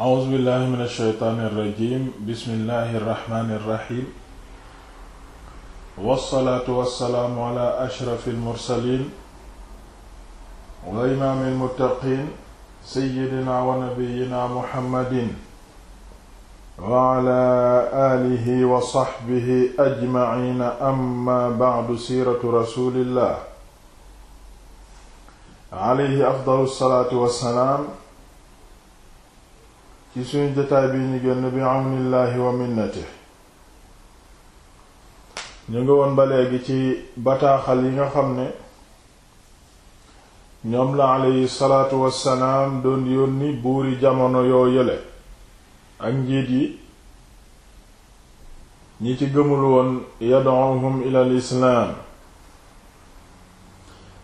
awuzu billahi min alsheytaani irrajim bismillahi irrahmani irrahim walsalaatu walsalaamu ala ashrafi almursalin wa imaami almuttaqin seyidina wa nabiyina muhammadin wa ala alihi wa saxbihi ajmaciina amma bacdu siiratu rasulillah alayhi afdalu alsalaatu wassalaam ci suñu jotaay bii ñu génn bi àwnillaahi wa minnati ñu ngi woon ba léegi ci bataaxal yi nga xam ne ñoom la aleyhi salaatu wassalaam doon yónni buuri jamono yoo yële ak njiit yi ñi ci gëmul woon yad'uhum ila al islaam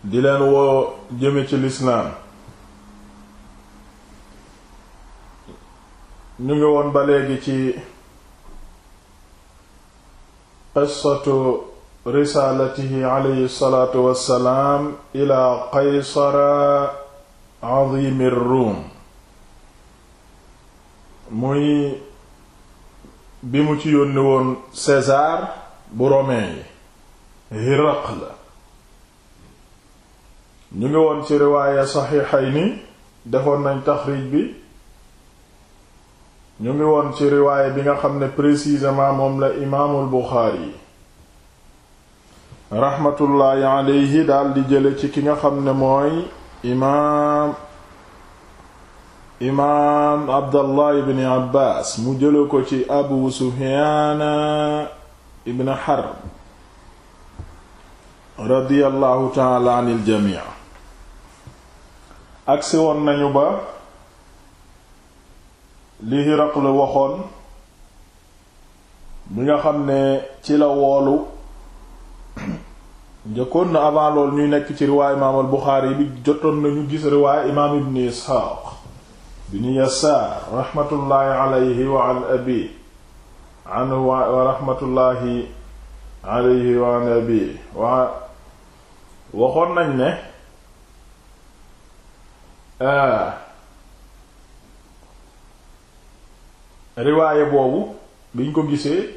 di leen woo jëme ci lislaam ñu ngi woon ba léegi ci qissatu risaalatihi alayhi salaatu wassalaam ila qaysara azimi ruum muy bi mu ci yónni woon César bu romain yi Hiraql ñu ngi woon ci riwaaya saxiixayni defoon nañ taxriij bi ñu ngi woon ci riwaayé bi nga xam ne précisément moom la imaamul Buxaari raxmatullaahi aleyhi daal di jële ci ki nga xam ne mooy imaam imaam Abdallah ibn Abbas mu jële ko ci Abu Sufyaana ibn Harb radiyallahu taala anil jamii agsi woon nañu ba li Hiraql waxoon bi nga xam ne ci la woolu njëkkoon na avant loolu ñuy nekk ci riwaay imaam al Buxaari bi jotoon nañu gis riwaay imaam Ibn Isxaaq bin Yasaar raxmatullaahi wa an abi anhu wa waxoon nañ ne riwaaye boobu biñ ko gisee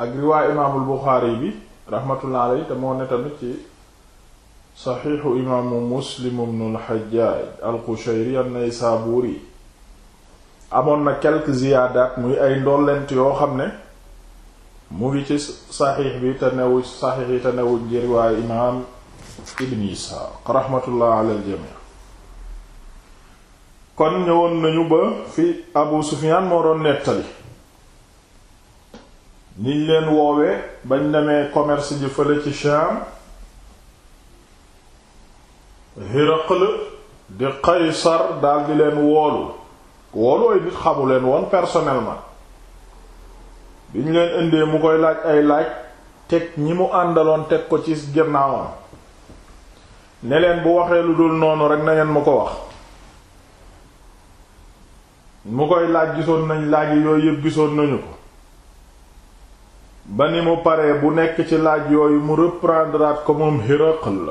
ak riwaaye imaamul Buxaari bi rahmatullah alayhi te moo ne ci saxiixu imaamu Muslim ibnul Hajjaaj al-Qushayri an-Naysaburi amoon na quelques ziyaadaat muy ay ndollent yoo xam ne mu ngi ci saxiix bi te newu saxiix yi te newu ci riwaaye imaam Ibn Isxaaq rahmatullah ala al-jamii kon ñëwoon nañu ba fi Abu Sufyaan moo doon nettali niñ leen woowee bañ demee commerce ji fële ci Shaam Hiraql di Qaysar daldi leen woolu woolu ay nit xamu leen woon personnellement biñ leen indee mu koy laaj ay laaj teg ñi mu àndaloon teg ko ci gannaawam ne leen bu waxee lu dul noonu rek na ngeen ma ko wax mu koy laaj gisoon nañ laaj yooyu yëpp gisoon nañu ko ba ni mu paree bu nekk ci laaj yooyu mu reprendreat ko moom Hiraql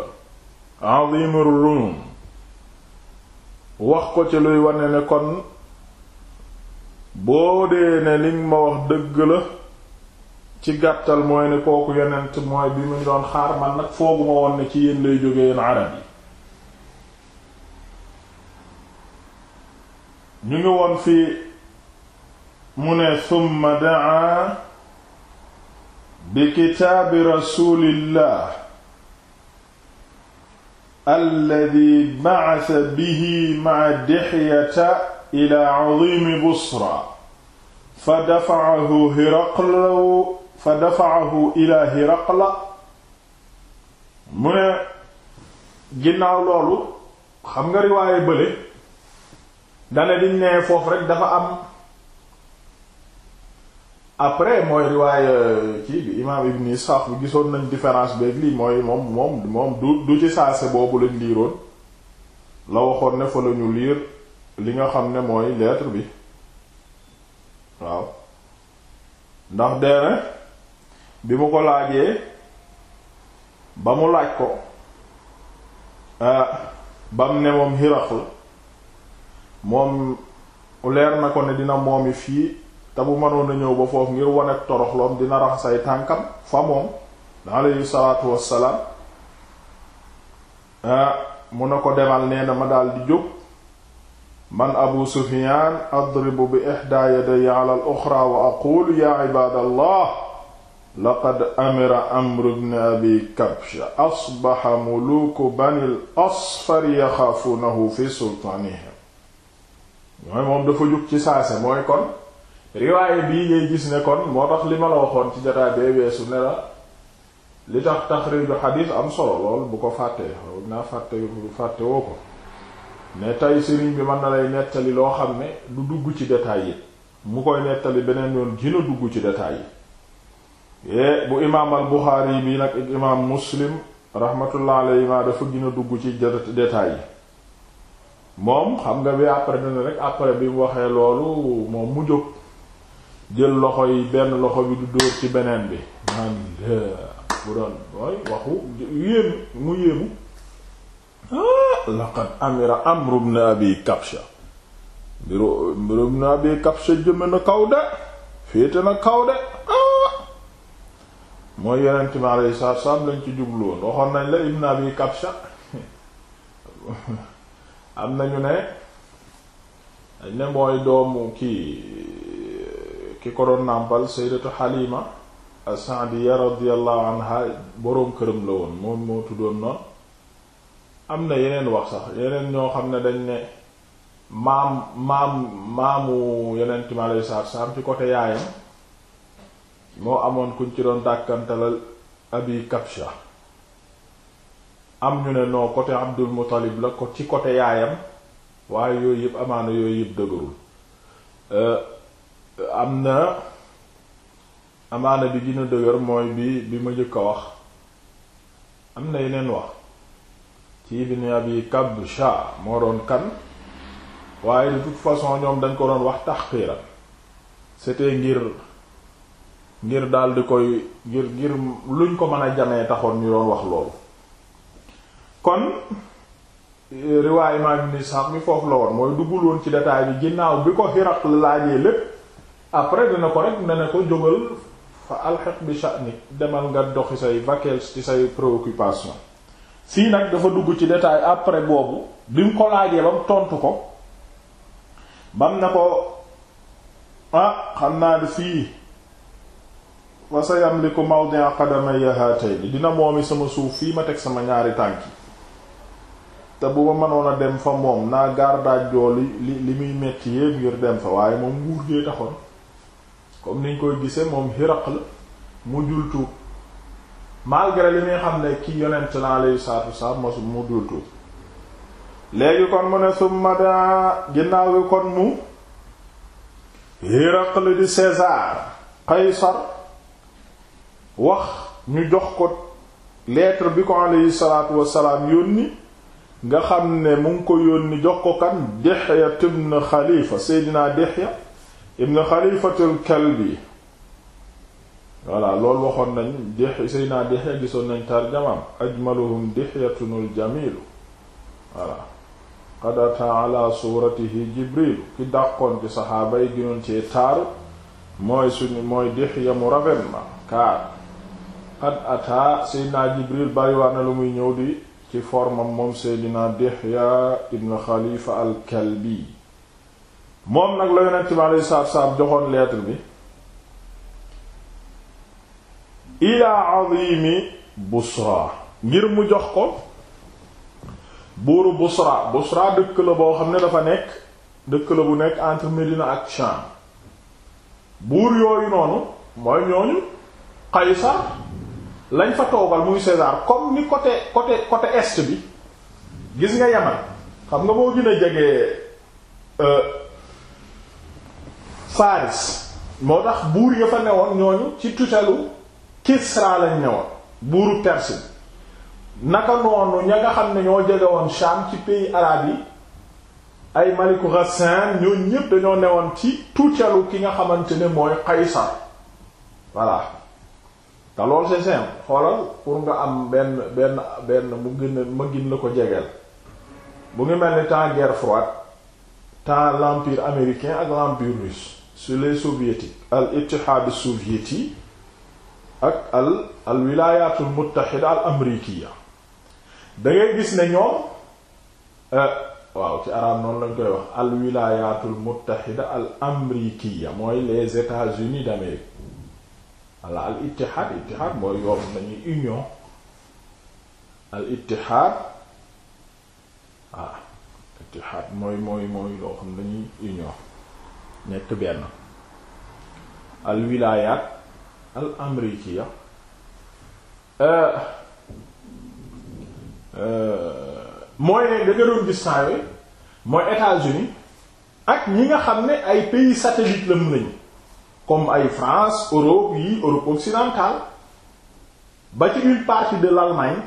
azimur Rum wax ko ci luy wane ne kon boo dee ne liñ ma wax dëgg la ci gàttal mooy ne kooku yonent mooy bi mu doon xaar man nag fooguma woon ne ci yéen lay jóge yéen arab yi ñu ngi woon fi mu ne summa daa bi kitaabi rasulillah alladi bacasa bihi maca dixyata ila cadimi busra fa dafacahu hiraqla fa dafacahu ila hiraqla mu ne ginnaaw loolu xam nga riwaaye bële dane diñ ne foofu rek dafa am après mooy riwaaya kii bi imaam ibn Ishaq bi gisoon nañ différence bi lii mooy moom moom moom du du ci saase boobu lañ liiroon la waxoon ne fa lañu liir li nga xam ne mooy lettre bi waaw ndax deene bi mu ko laajee ba mu laaj ko euh, bam ne moom Hiraql moom leer na ko ne dina moomi fii te bu mënoon a ñëw ba foofu ngir wane toroxloom dina rax say tànkam fa moom alayhi salaatu na ah, ko demal nee na ma daal di jóg man abu sufiyaan adribu bi ihdaa yaday ala wa aqulu ya ibaadallah laqad amira amru bn abi kabsha asbaxa muluuku bani asfar yaxaafunahu fi sultaanihim mooy moom dafa jug ci saase mooy kon riwaaye bii ngay gis ne kon moo tax li ma la waxoon ci jotaay bee weesu ne la li tax taxriiju xadiis am solo lool bu ko fàttee naa fàtte fàtte woo ko ne tey sëriñ bi mën na lay nettali loo xam ne du dugg ci détail yi mu koy nettali beneen yoon gën dugg ci détail yi é eh, bu imaam al bii nag ak imaam Muslim rahmatullah alayhi ma dafa gën dugg ci détail yi moom xam nga bi après dana rek après bi mu waxee loolu moom mu jóg jël loxo yi benn loxo bi du dóor ci beneen bi naan bu doon mooy waxu yéemu mu yéemu ah, laqad amira amru ibn abi kabsha mbiru mbiru ibn abi kabsha jëme na kaw de féete na kaw de ah! mooy yeneen mi aleyhi salaatu salaam lañ ci jublu woon waxoon nañ la ibn abi kabsha am nañu ne dañ ne mooy doomu kii ki ko doon nàmpal sayyidatu Halima as-Sa'diya radiyallahu anha boroom këram la woon moom moo tuddoon noonu am na yeneen wax sax yeneen ñoo xam ne dañ ne maam maam maamu yonent mi alayhi salaatu salaam ci côté yaayam moo amoon kuñ ci doon dàkkantalal abi Kabsha am ñu ne non côté Abdul Muttalib la ko ci côté yaayam waaye yooyu yëpp amaana yooyu yëpp dëgërul euh, am na amaana bi gën a dëgër mooy bi bi ma jëkk a wax am na yeneen wax ci ibn abi kabsha moo doon kan waaye du toute façon ñoom dañ ko doon wax tax taxqiiran c'était ngir ngir daal di koy ngir ngir luñ ko mën a jamee taxoon ñu doon wax loolu kon eh, riwaayu imaam Ibn Ishaq mi foofu la woon mooy duggul woon ci détail bi ginnaaw bi ko Hiraql la laajee lépp après dina ko rek ne ne ko jógal fa alxeq bi sha'nik demal nga doxi say vacances ci say préoccupation fii nag dafa dugg ci détail après boobu bi mu ko laajee ba mu tontu ko bam na ko ah xam naa di fii wa sayamliku mawdi'a qadamayya haatayni dina moomi sama suuf fii ma teg sama ñaari tànk te bu ma mënoon a dem fa moom naa gaar daajjoo li li li muy metti yépp ngir dem fa waaye moom nguur gee taxoon comme niñ koy gisee moom Hiraql la mu jul tuub malgré li muy xam ne ki yonent na alayhi salaatu wasalaam mosu mu jul léegi kon mu ne summa daa ginnaaw gi kon mu Hiraql di César Qaysar wax ñu jox ko lettre bi ko alayhi salaatu wasalaam yónni nga xam ne mu ngi ko yónni jox ko kan Dihya ibn Khalifa Seydina Dihya ibn Khalifatul Kalbi voilà loolu waxoon nañ Dihya Seydina Dihya gisoon nañ tarjamaam ajmaluhum Dihyatun al-Jamilu voilà qad ataa ala ki dàqoon ci saxaaba yi ginoon ci taaru mooy suñu mooy Dihya mu rafet ma kaar qad ataa Seydina Jibril bari lu muy ñëw di ci formam moom seydina Dihya ibn Xalifa al-Kalbi moom nag la yonent bi alayhi salaatu salaam joxoon lettre bi ilaa azimi Busra ngir mu jox ko buuru Busra Busra dëkk la boo xam ne dafa nekk dëkk la bu nekk entre Médina ak Sham buur yooyu noonu mooy ñooñu Qaysar lañ fa toogal muy César comme ni côté côté côté est bi gis nga Yaman xam nga moo gën a jege euh, Faris moo tax buur ya fa newoon ñooñu ci tutelu Kisra lañ newoon buuru Perse bi naka noonu ña nga xam ne ñoo jege woon Sham ci pays arabe yi ay maliku Ghassan ñooñu ñépp dañoo newoon ci tutelu ki nga xamante ne mooy Qaysar voilà te loolu c'est xoolal pour nga am benn benn benn mu gën ma gën la ko jegeel mu ngi mel ni temps guerre froide temps l'empire américain ak l'empire russe sur les soviétiques al ittihad soviéti ak al al wilayatul muttahida al amrikiya da gis ne ñoom euh, waaw ci arab noonu lañ koy wax al wilayatul muttahida al amrikiya mooy les États-Unis d'Amérique walla al ittihaad ittihaad mooy yoon nañuy union al ittihaad ah ittihaad mooy mooy mooy xam dañuy union nekk benn al wilaayaat al amrikiya eh, eh, mooy ne da doon gis saa yooyu mooy États-Unis ak ñi nga xam ne ay pays satellites la mu lañu comme ay France Europe yi Europe occidentale ba ci une partie de l'Allemagne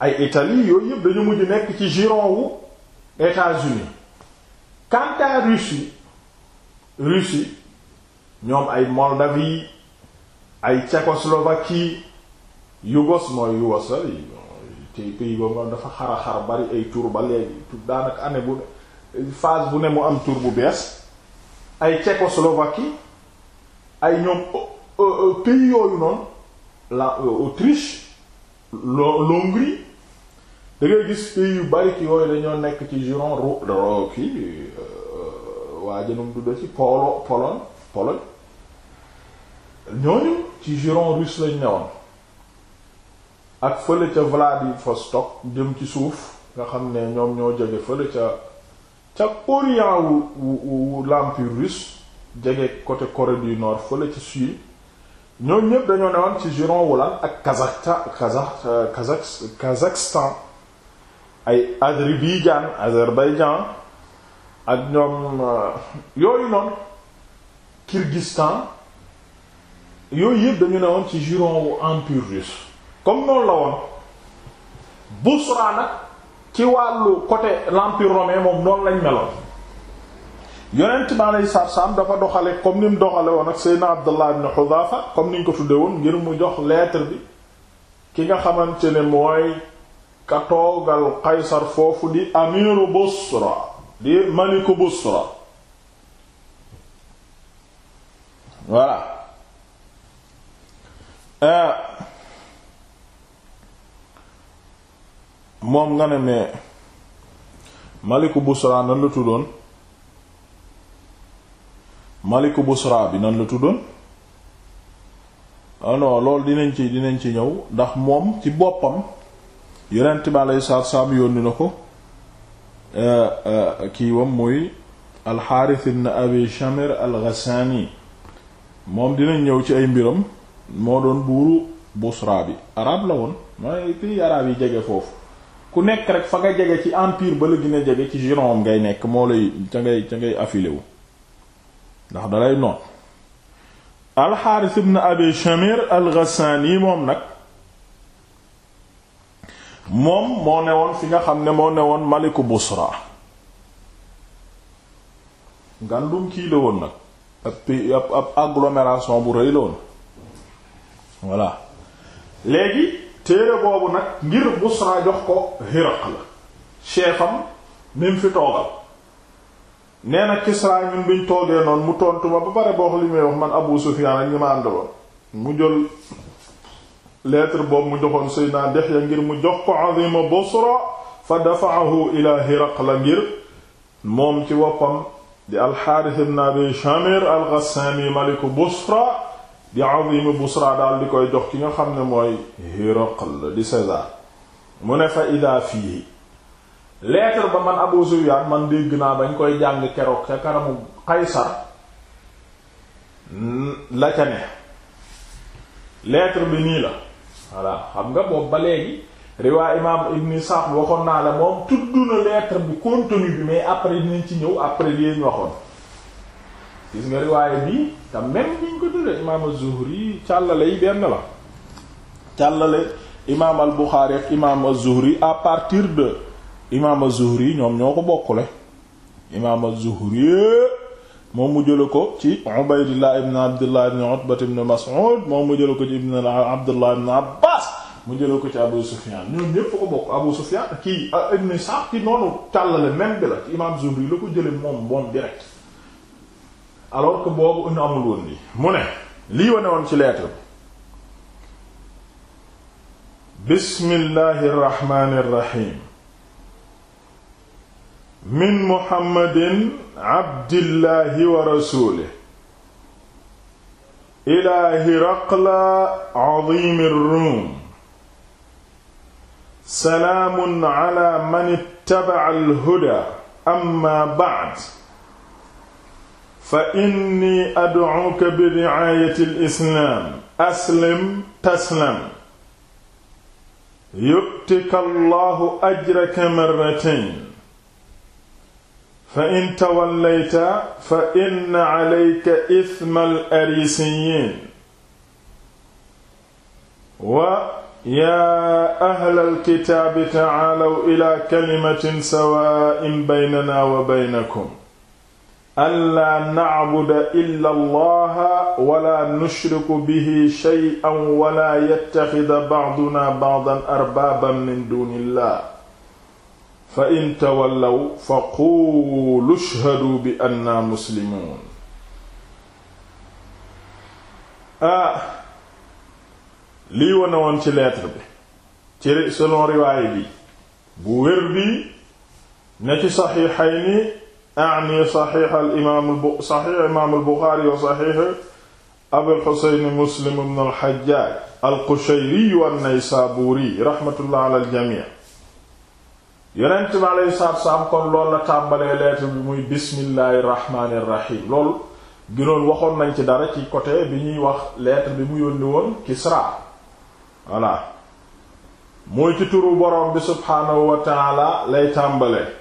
ay Italie yooyu yëpp dañu mujj nekk ci giron wu États-Unis quant à Russie Russie ñoom ay Moldavie ay Tchécoslovaquie Yougos mooy Yougos ah, tey pays boobu dafa xara xar bari ay tur ba léegi daanaka année bu phase bu ne mu am tur bu bees ay Tchécoslovaquie ay ñoom euh, euh, euh, pays yooyu noonu la Autriche l'Hongrie da ngay gis pays yu bari ci yooyu dañoo nekk ci giron ro kii waa jënum du ci Polo Pologne Pologne ñooñu ci giron russe lañ newoon ak fële ca Vladivostok jëm ci suuf nga xam ne ñoom ñoo jóge fële ca ca orient wu wu l'empire russe jege côté Corée du Nord fële ci sud ñoom ñëpp dañoo newoon ci giron wu lan ak Kazakhstan euh, Kazakh Kazakhstan ay Azerbaïdjan Azerbaïdjan ak ñoom euh, yooyu noonu Kyrgyzstan yooyu yëpp dañu newoon ci giron wu empire russe comme noonu la woon Bosra nag ci wàllu côté l'empire romain moom noonu lañ meloon yonent bi alayhi salaatu salaam dafa doxale comme ni mu doxale woon ak Seydina Abdullah ibn Hudhafa comme niñ ko tudde woon ngir mu jox lettre bi ki nga xamante ne mooy ka toogal Qaysar foofu di amiru Busra di maliku Busra voilà euh, moom nga ne mais maliku busra nan la tuddoon maliku busra bi nan la tuddoon ah non dinañ ci dinañ ci ñëw ndax moom ci boppam yonent bi aleyhi salaatu salaam yónni na ko eh, eh, kiiwam muy alxaaris ibn abi shamir alghassaani moom dinañ ñëw ci ay mbiram moo doon buuru busra bi arab la woon mooy pays arab yi jege foofu ku nekk rek fa nga jege ci empire bala la gën a jege ci giron ngay nekk moo lay ca ngay ca ngay affilé wu ndax dalay noon alxaaris ibn abi shamir alghassaani moom nag moom moo ne woon fi nga xam ne moo ne woon maliku busra ngandum kii la woon nag ab ab agglomération bu rëy la woon léegi téere boobu nag ngir Busra jox ko Hiraql la chefam ni mu fi toogal nee na Kisra ñun biñ toogee noon mu tontu ma ba pare boo wax man Abu Sufyan ak ñi ma àndaloon mu jël lettre boobu mu joxoon Seydina Dihya ngir mu jox ko azima Busra fa dafa'ahu ila Hiraql ngir moom ci woppam di al-Harith ibn Shamir al-Ghassani maliku Busra di azima busra daal di koy jox ki nga xam ne mooy Hiraql di César mu ne fa ida fii lettre ba man Abu Sufyaan man dégg naa bañ koy jàng keroog ca kanamu Qaysar la ca ne lettre bi nii la voilà xam nga boobu ba léegi riwaay imaam Ibn Isxaaq waxoon naa la moom tudd na lettre bi contenu bi mais après dinañ ci ñëw après li ñu waxoon gis nga riwaaye bii te même niñ ko tudde imaam az-Zuhri càllale yi benn la càllale imaam al-Bukhari ak imaam az-Zuhri à partir de imaam az-Zuhri ñoom ñoo ko bokkule imaam az-Zuhri moom mu jëla ko ci Ubaydillah ibn Abdullah ibn Utba ibn Mas'ud moom mu jëla ko ci ibn Abdullah ibn Abbas mu jëla ko ci Abu Sufyan ñoom ñépp ko bokk Abu Sufyan kii ibn Sa'd ci noonu càllale même bi la ci imaam Zuhri la ko jële moom moom direct alors que boobu ñu amul woon li mu ne lii wane woon ci lettre bi bismillahi rrahmani rrahim min muhammadin abdillahi wa rasulihi ila hiraqla azimi rrum salaamun ala man ittaba'a alhuda amma ba'd fa inni ad'uka bi ri'aayati al-islaam aslim taslam yu'tika Allahu ajraka marratayn fa in tawallayta fa inna 'alayka ithma al-arisiyyiin wa yaa ahlal kitaabi ta'aalaw ilaa kalimatin sawaa'in baynanaa wa baynakum allaa nacbuda illa allaha wala nushriku bihi shay'an wala yattaxida bacduna bacdan arbaaban min duni illah fa in tawallaw fa quulu ashhadu bi anna muslimuun ah lii wane woon ci lettre bi ci selon riwaay bi bu wér bi ne ci saxiixayni a'ni saxiix al imaam saxiix imaam al wa saxiix abul xuseyn muslim ibn bi muy bismillahir rahmanir rahim loolu ginoon waxoon nañ ci dara ci côté bi ñuy wax lettre bi mu yónni woon Kisra voilà mooy ci turu borom bi subhaanahu wa lay tàmbalee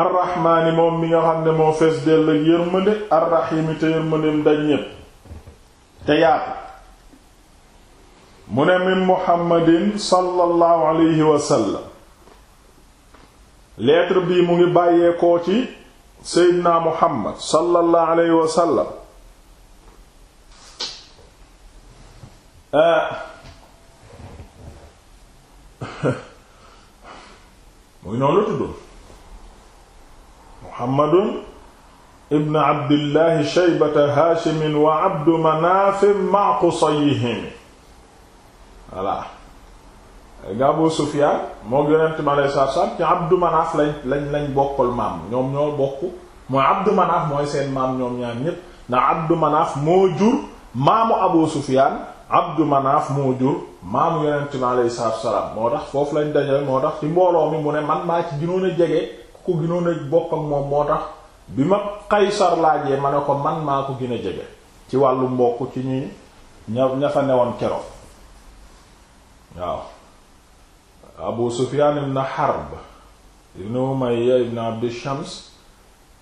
arrahmaani moom mi nga xam ne moo fees dell ak yërmande arrahiimi te yërmandeem daj ñépp te yaatu mu ne min muhammadin sallallahu alayhi wa sallam bii mu ngi bàyyeekoo ci seydina muhammad sallallahu alayhi wa sallam eh. muy noonu la tuddoon muhammadun ibn abdillahi shaybata haashimin wa abdu manaafin ma qusayhim voilà Abu Sufyaan moo yonent ma lay saab ci abdu manaaf lañ lañ lañ bokkal maam ñoom ñoo bokk mooy abdu manaaf mooy seen maam ñoom ñaar ñépp ndax abdu manaaf moo jur maamu Abu Sufyaan abdu manaaf moo jur maamu yonent ma lay salaam moo tax foofu lañ dajale moo tax ci mbooloo mi mu ne man maa ci ginoon a jege ku gënoon a bokk ak moom moo tax bi ma Qaysar laajee ma ne ko man maa ko gën a jege ci wàllu mbokk ci ñi ña ña fa newoon keroog waaw Abu Sufyan ibn Harb ibn Umayya ibn Abd Shams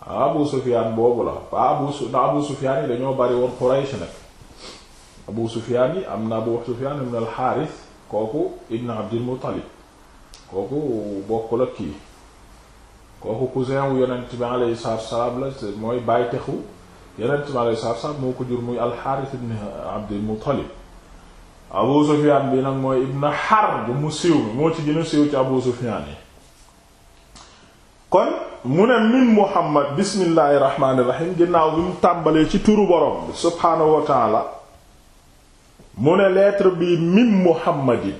Abu Sufyan boobu la pa Abu Sufyan yi dañoo bari woon Quraysh nag Abu Sufyan yi am na Abu Sufyan ibn kooku ibn Abd al kooku bokkul ak kii kooku cousin wu yonent bi alayhi salaatu wassalaam la mooy bàytexu yonent bi alayhi salaatu wassalaam moo ko jur muy alxaaris ibn abdul muttalib abu sufiyaan bi nag mooy ibn harb mu siiw moo ci gën a siiw ci abu sufiyaan yi kon mu ne min muhammad bismillaahi rahmaani rahiim ginnaaw bi mu tàmbalee ci turu borom bi subhaanahu wa taala mu ne lettre bi min muhammadin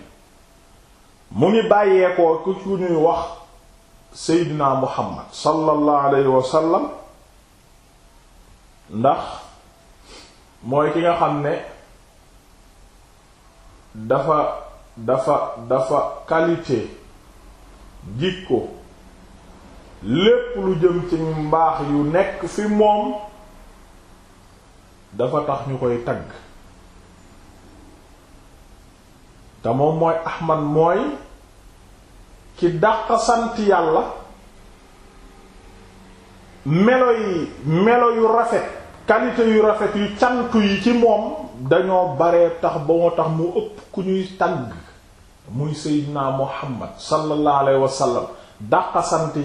mu ngi bàyyeekoo ku ñuy wax seydina muhammad sallallahu alayhi wa ndax mooy ki nga xam ne dafa dafa dafa qualité jikko lépp lu jëm ci mbaax yu nekk fi moom dafa tax ñu koy tagg te moom mooy ahmad mooy ci dàq sant yàlla melo yi melo yu rafet qualité yu rafet yu cant yi ci moom dañoo baree tax ba moo tax mu ëpp ku ñuy tagg muy seydinaa muhammad sallallahu alayhi wa sallam dàq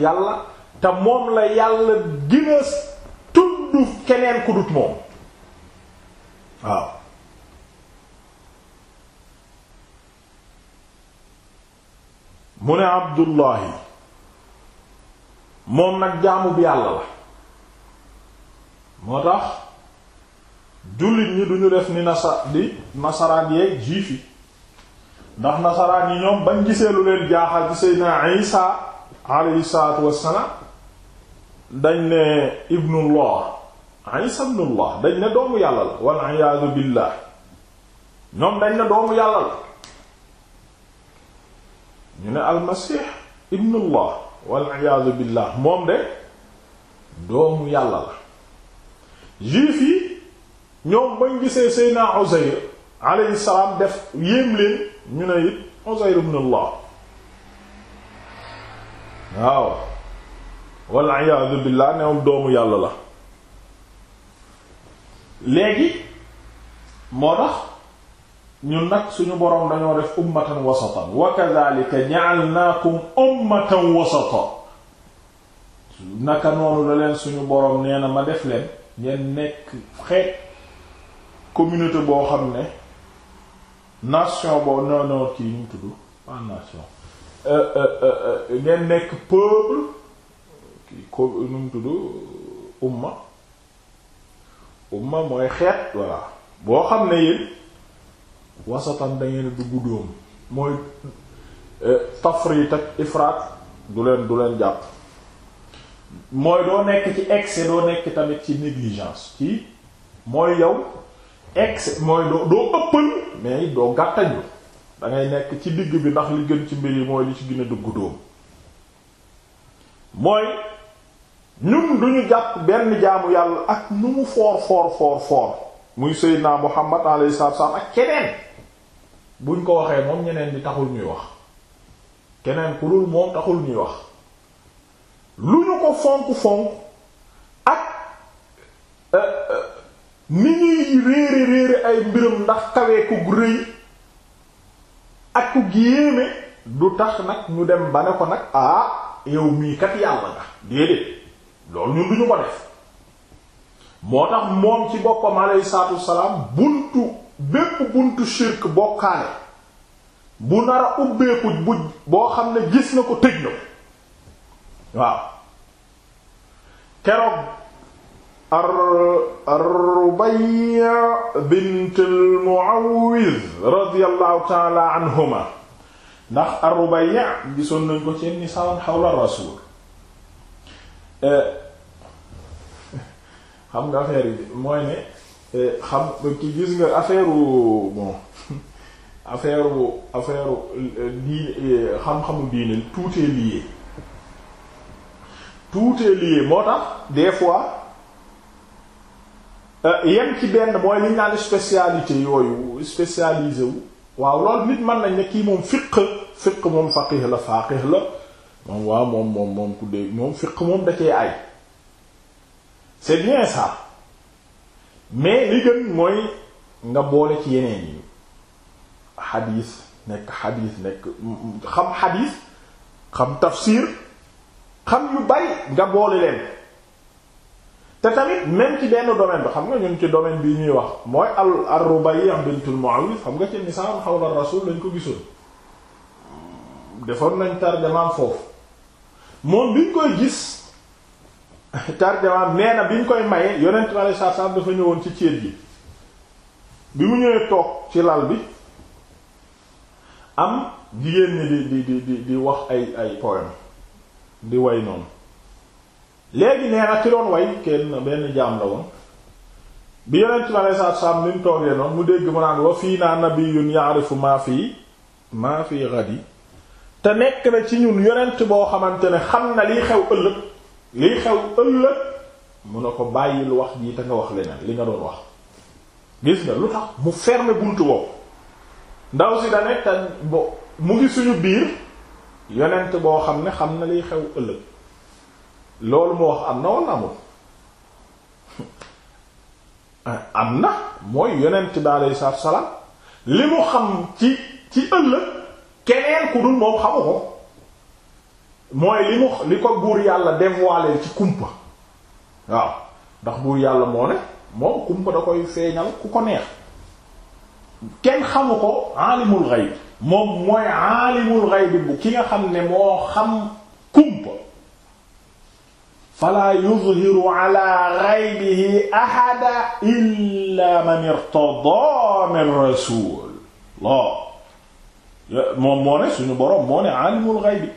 yàlla te moom la yàlla gina tudd keneen ku dut moom waaw mu ne abdullahi moom nag jaamu bi yàlla la moo tax jullit ñi duñu def ni nasa di nasaraan yeeg jiif yi ndax nasaraan yi ñoom bañ gisee lu leen jaaxal ci seydina isa alayhi salaatu wassalaam dañ ne ibnullah isa ibnullah dañ ne doomu yàlla la wal iyaadu billah ñoom dañ ne doomu yàlla la ñu ne almasih ibnullah waliyasu billah moom de doomu yàlla la juif yi ñoom bañ gisee seyna Uzayr alayhi salaam def yéem leen ñu ne it Uzayr ibnullah waaw waliyasu billah neewoom doomu yàlla la léegi moo tax ñun nag suñu boroom dañoo def ummatan wasatan wa kadhalika ja'alnakum ummatan wasatan naka noonu la leen suñu boroom nee na ma def leen ngeen nekk xeet communauté boo xam ne nation boo noonu kii ñu tudd pas nation euh, euh, euh, ngeen nekk peuple kii ko nu mu tudd umma umma mooy xeet voilà boo xam ne yéen wasatan da ngeen duggu dóom mooy eh, tafrit ak ifraat du leen du leen jàpp mooy doo nekk ci excès doo nekk tamit ci négligence ci mooy yow excès mooy doo ëppal mais doo gàttañu dangay nekk ci digg bi ndax li gën ci mbir yi mooy li ci gën a dugg dóom mooy ñun duñu jàpp benn jaamu yàlla ak nu mu foor foor foor foor muy Seydina Muhammad alayhi salaatu ak keneen buñ ko waxee moom ñeneen bi taxul ñuy wax keneen ku dul moom taxul ñuy wax lu ñu ko fonk-fonk ak euh, euh, ni ñuy réere réere ay mbiram ndax kawee ku rëy ak ku yéeme du tax nag ñu dem bane ko nag ah yow mii kat yàlla nga déedéet loolu ñun duñu ko def moo tax moom ci boppam alayhi salaatu salaam buntu bépp buntu shirk bokkaale bu nar a ubbeeku bu boo xam ne gis na ko tëj na ko waaw keroog ar-Rubayya bint al-Mu'awwiz radiyallahu ta'ala anhuma ndax ar-Rubayya gisoon nañ ko ci nisaan xawla rasul eh, xam nga affaire yi mooy ne Eh, xam ki gis nga affaire bon affaire affaire eh, diine eh, xam-xamu diine tout est lié tout est moo tax des fois yem ci benn mooy li naan spécialité yooyu spécialisé wu waaw loolu nit mën nañ ne kii moom fiq fiq moom faqih la faqih la moom waaw moom moom moom ku dee moom fiq moom da cee ay c'est bien ça. mais li gën mooy nga boole ci yeneen yi xadiis nekk xadiis nekk xam xadiis xam tafsir xam yu bari nga boole leen te tamit même ci benn domaine bi xam nga ñun ci domaine bii ñuy wax mooy al ar-Rubayyi mu Mu'awwidh xam nga ci misaal xawla rasul lañ ko gisoon defoon nañ tarjamaam foofu moom biñ koy gis tarjamaam nee na bi ñu koy maye yonent bi alei satu salaam dafa ñëwoon ci céet gi bi mu ñëwee toog ci lal bi am jigéen ñi di di di di di wax ay ay poème di way noonu léegi nee na ci doon way kenn benn jaam la woon bi yonent bi alei satu salaam ni mu toogee noonu mu dégg mu naan wa fii naa nabiyyun ya'rifu maa fii maa te nekk na ci ñun yonent boo xamante ne xam na liy xew ëllëg liy xew ëllëg mu ne ko bàyyil wax jii te nga wax leneen li nga doon wax gis nga lu tax mu fermer buntu boobu ndaw si da ne te mu ngi suñu biir yonent boo xam ne xam na liy xew ëllëg loolu mu wax am na wala amul am na mooy yonent bi aleyhi salaatu salaam li mu xam ci ci ëllëg keneen ku dul moom xamu ko mooy li mu buur yàlla dévoiler ci kumpa waaw ndax buur yàlla moo ne moom kumpa da koy feeñal ku ko neex kenn xamu ko aalimul gayb moom mooy aalimul gayb bu ki nga xam ne moo xam kumpa fala yuzhiru ala ghaybihi ahada illa man irtada min rasul la moom moo ne suñu boroom moo ne aalimul gayb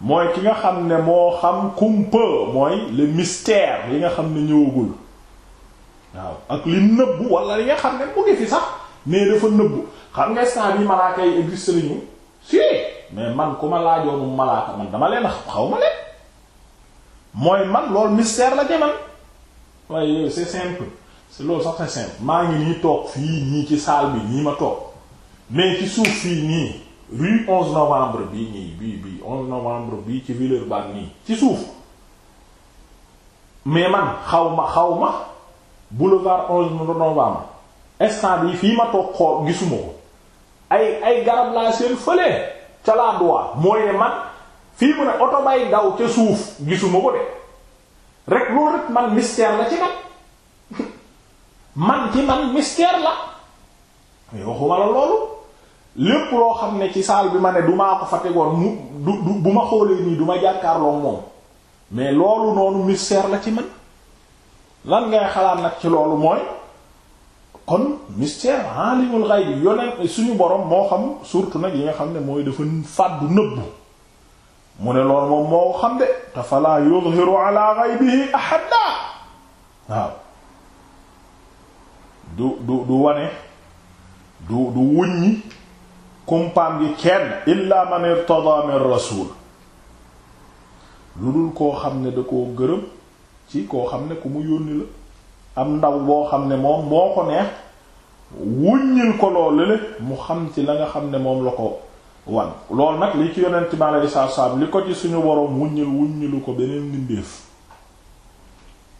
mooy ki nga xam ne moo xam kumpa mooy le mystère li nga xam ne ñëwagul waaw ak li nëbbu wala li nga xam ne mu ngi fi sax mais dafa nëbbu xam nga instant bi malaaka yi existe lañu si mais man ku ma laajoonum malaaka man dama leen xaw ma leen mooy man loolu mystère la demal waaye c'est simple c'est loolu sax c'est simple maa ngi nii toog fii nii ci saal bi nii ma toog mais ci suuf fii nii ru 11 novembre bii nii bii bii 11 novembre bii ci Villeurbanne nii ci suuf mais man xaw ma xaw ma boulevard 11 novembre instant bii fii ma toog xool gisuma ko ay ay garab laa seen fële ca laa duwaa mooy ne man fii mu ne oto bay daw ca suuf gisuma ko de rek loolu rek man mystère la ci man man ci man mystère la mais waxuma la loolu. lépp loo xam ne ci saal bi ma ne du maa ko fa tegoon mu du bu ma xoolee nii duma ma jàkkaarloo moom mais loolu noonu mystère la ci man lan ngay xalaat nag ci loolu mooy kon mystère alimul ghaib yonent suñu borom moo xam surtout nag yi nga xam ne mooy dafa fàddu nëbbu mu ne lool moom moo xam de te fala yuzhiru bi ghaibihi ahada waaw du du du wane du du wuññi kumpaam bi kenn illa man irtada min lu dul koo xam ne da koo gërëm ci koo xam ne ku mu yónni la am ndaw boo xam ne moom moo ko neex wuññil ko loolu le mu xam ci la nga xam ne moom la ko wan lool nag li ci yonent mi aleyhi salaatu salaam li ko ci suñu boroom wuññil wuññilu ko beneen mbindeef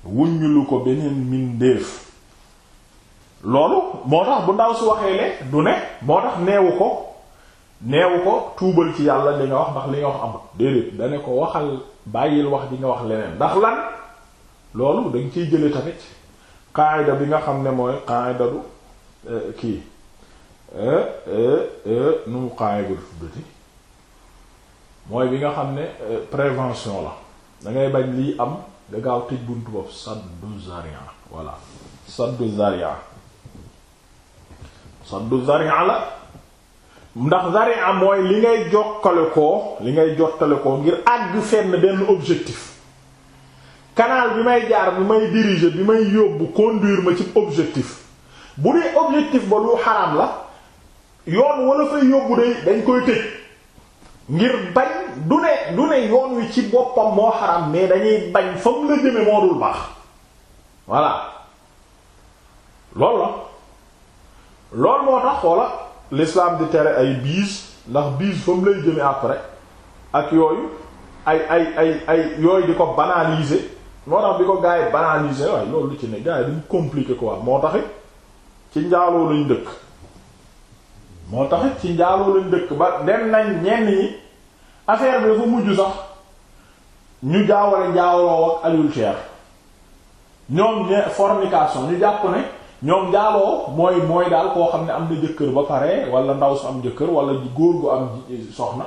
wuññilu ko beneen mbindeef loolu moo tax bu ndaw si waxee ne du ne moo tax neewu ko neewu ko tuubal ci yàlla li nga wax ndax li nga wax amul déedéet dane ko waxal bàyyil wax ji nga wax leneen ndax lan loolu dañ ciy jële tamit qaayda bi nga xam ne mooy qaayda du eh, kii eh, eh, nu mu qaayda du tuddati mooy bi nga xam ne prévention la da ngay bañ lii am nga gaaw tëj buntu bopp saddu zaria voilà saddu zaria saddu zaria la ndax zaria mooy li ngay jokkale koo li ngay jottale koo ngir àgg fenn benn objectif canal bi may jaar bi may diriger bi may yóbbu conduire ma ci objectif bu dee objectif ba lu xaraam la yoon wala fay yóbbu day dañ koy tëj ngir bañ du ne du ne yoon wi ci boppam moo xaraam mais dañuy bañ fa mu la jëme moo dul baax voilà loolu la loolu moo tax xoola l'islam di tere ay biis ndax biis fa mu lay jëme après ak yooyu ay ay ay ay yooyu di ko banaliser moo tax bi ko gars yi waaye loolu lu ci ne gars yi dañu compliquer quoi moo taxit ci njaaloo lañ dëkk moo taxit ci njaaloo lañ dëkk ba dem nañ ñenn yi affaire bi dafa mujj sax ñu jaawale njaaloo ak adultère ñoom ñe fornication ñu jàpp ne ñoom njaaloo mooy mooy daal koo xam ne am na jëkkër ba pare wala ndaw su am jëkkër wala góor gu am soxna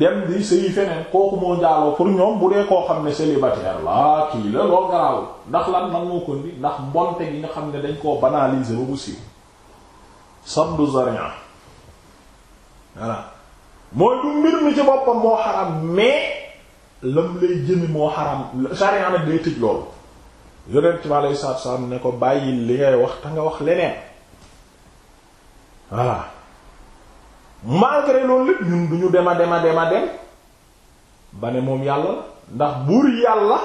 dem di sëy feneen kooku moo njaaloo pour ñoom bu dee koo xam ne célibataire la kii la loolu garaawul ndax lan nan moo ko ndi ndax mbonte gi nga xam ne dañ koo banaliser ba bu siiw sabdu zaria voilà mooy du mbir mi ci boppam moo xaram mais lam lay jëmi moo xaram sharia nag day tëj loolu yonent bi aleyhi salaatu salaam ne ko bàyyi li ngay wax te nga wax leneen voilà malgré loolu lépp ñun duñu dema dema dema dem ba ne moom yàlla ndax buur yàlla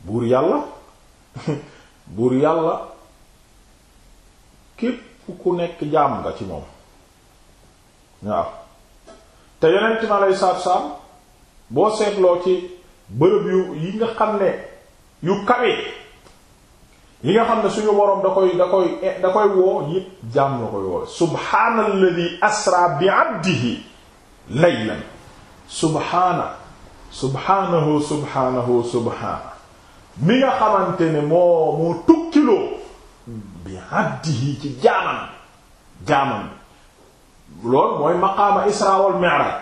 buur yàlla buur yàlla képp ku nekk jaam nga ci moom waaw te yonent bi aleyhi salaatu salaam boo seetloo ci bërëb yu yi nga xam ne yu kawe yi nga xam ne suñu boroom da koy da koy eh, da koy woo yépp jaam na koy woo subhaanalladi asra bi abdihi laylan subhaana subhaanahu subhaana mi nga xamante ne moo moo tukkiloo bi abdihi ci jaamam jaamam loolu mooy maqaama isra wal mi'raj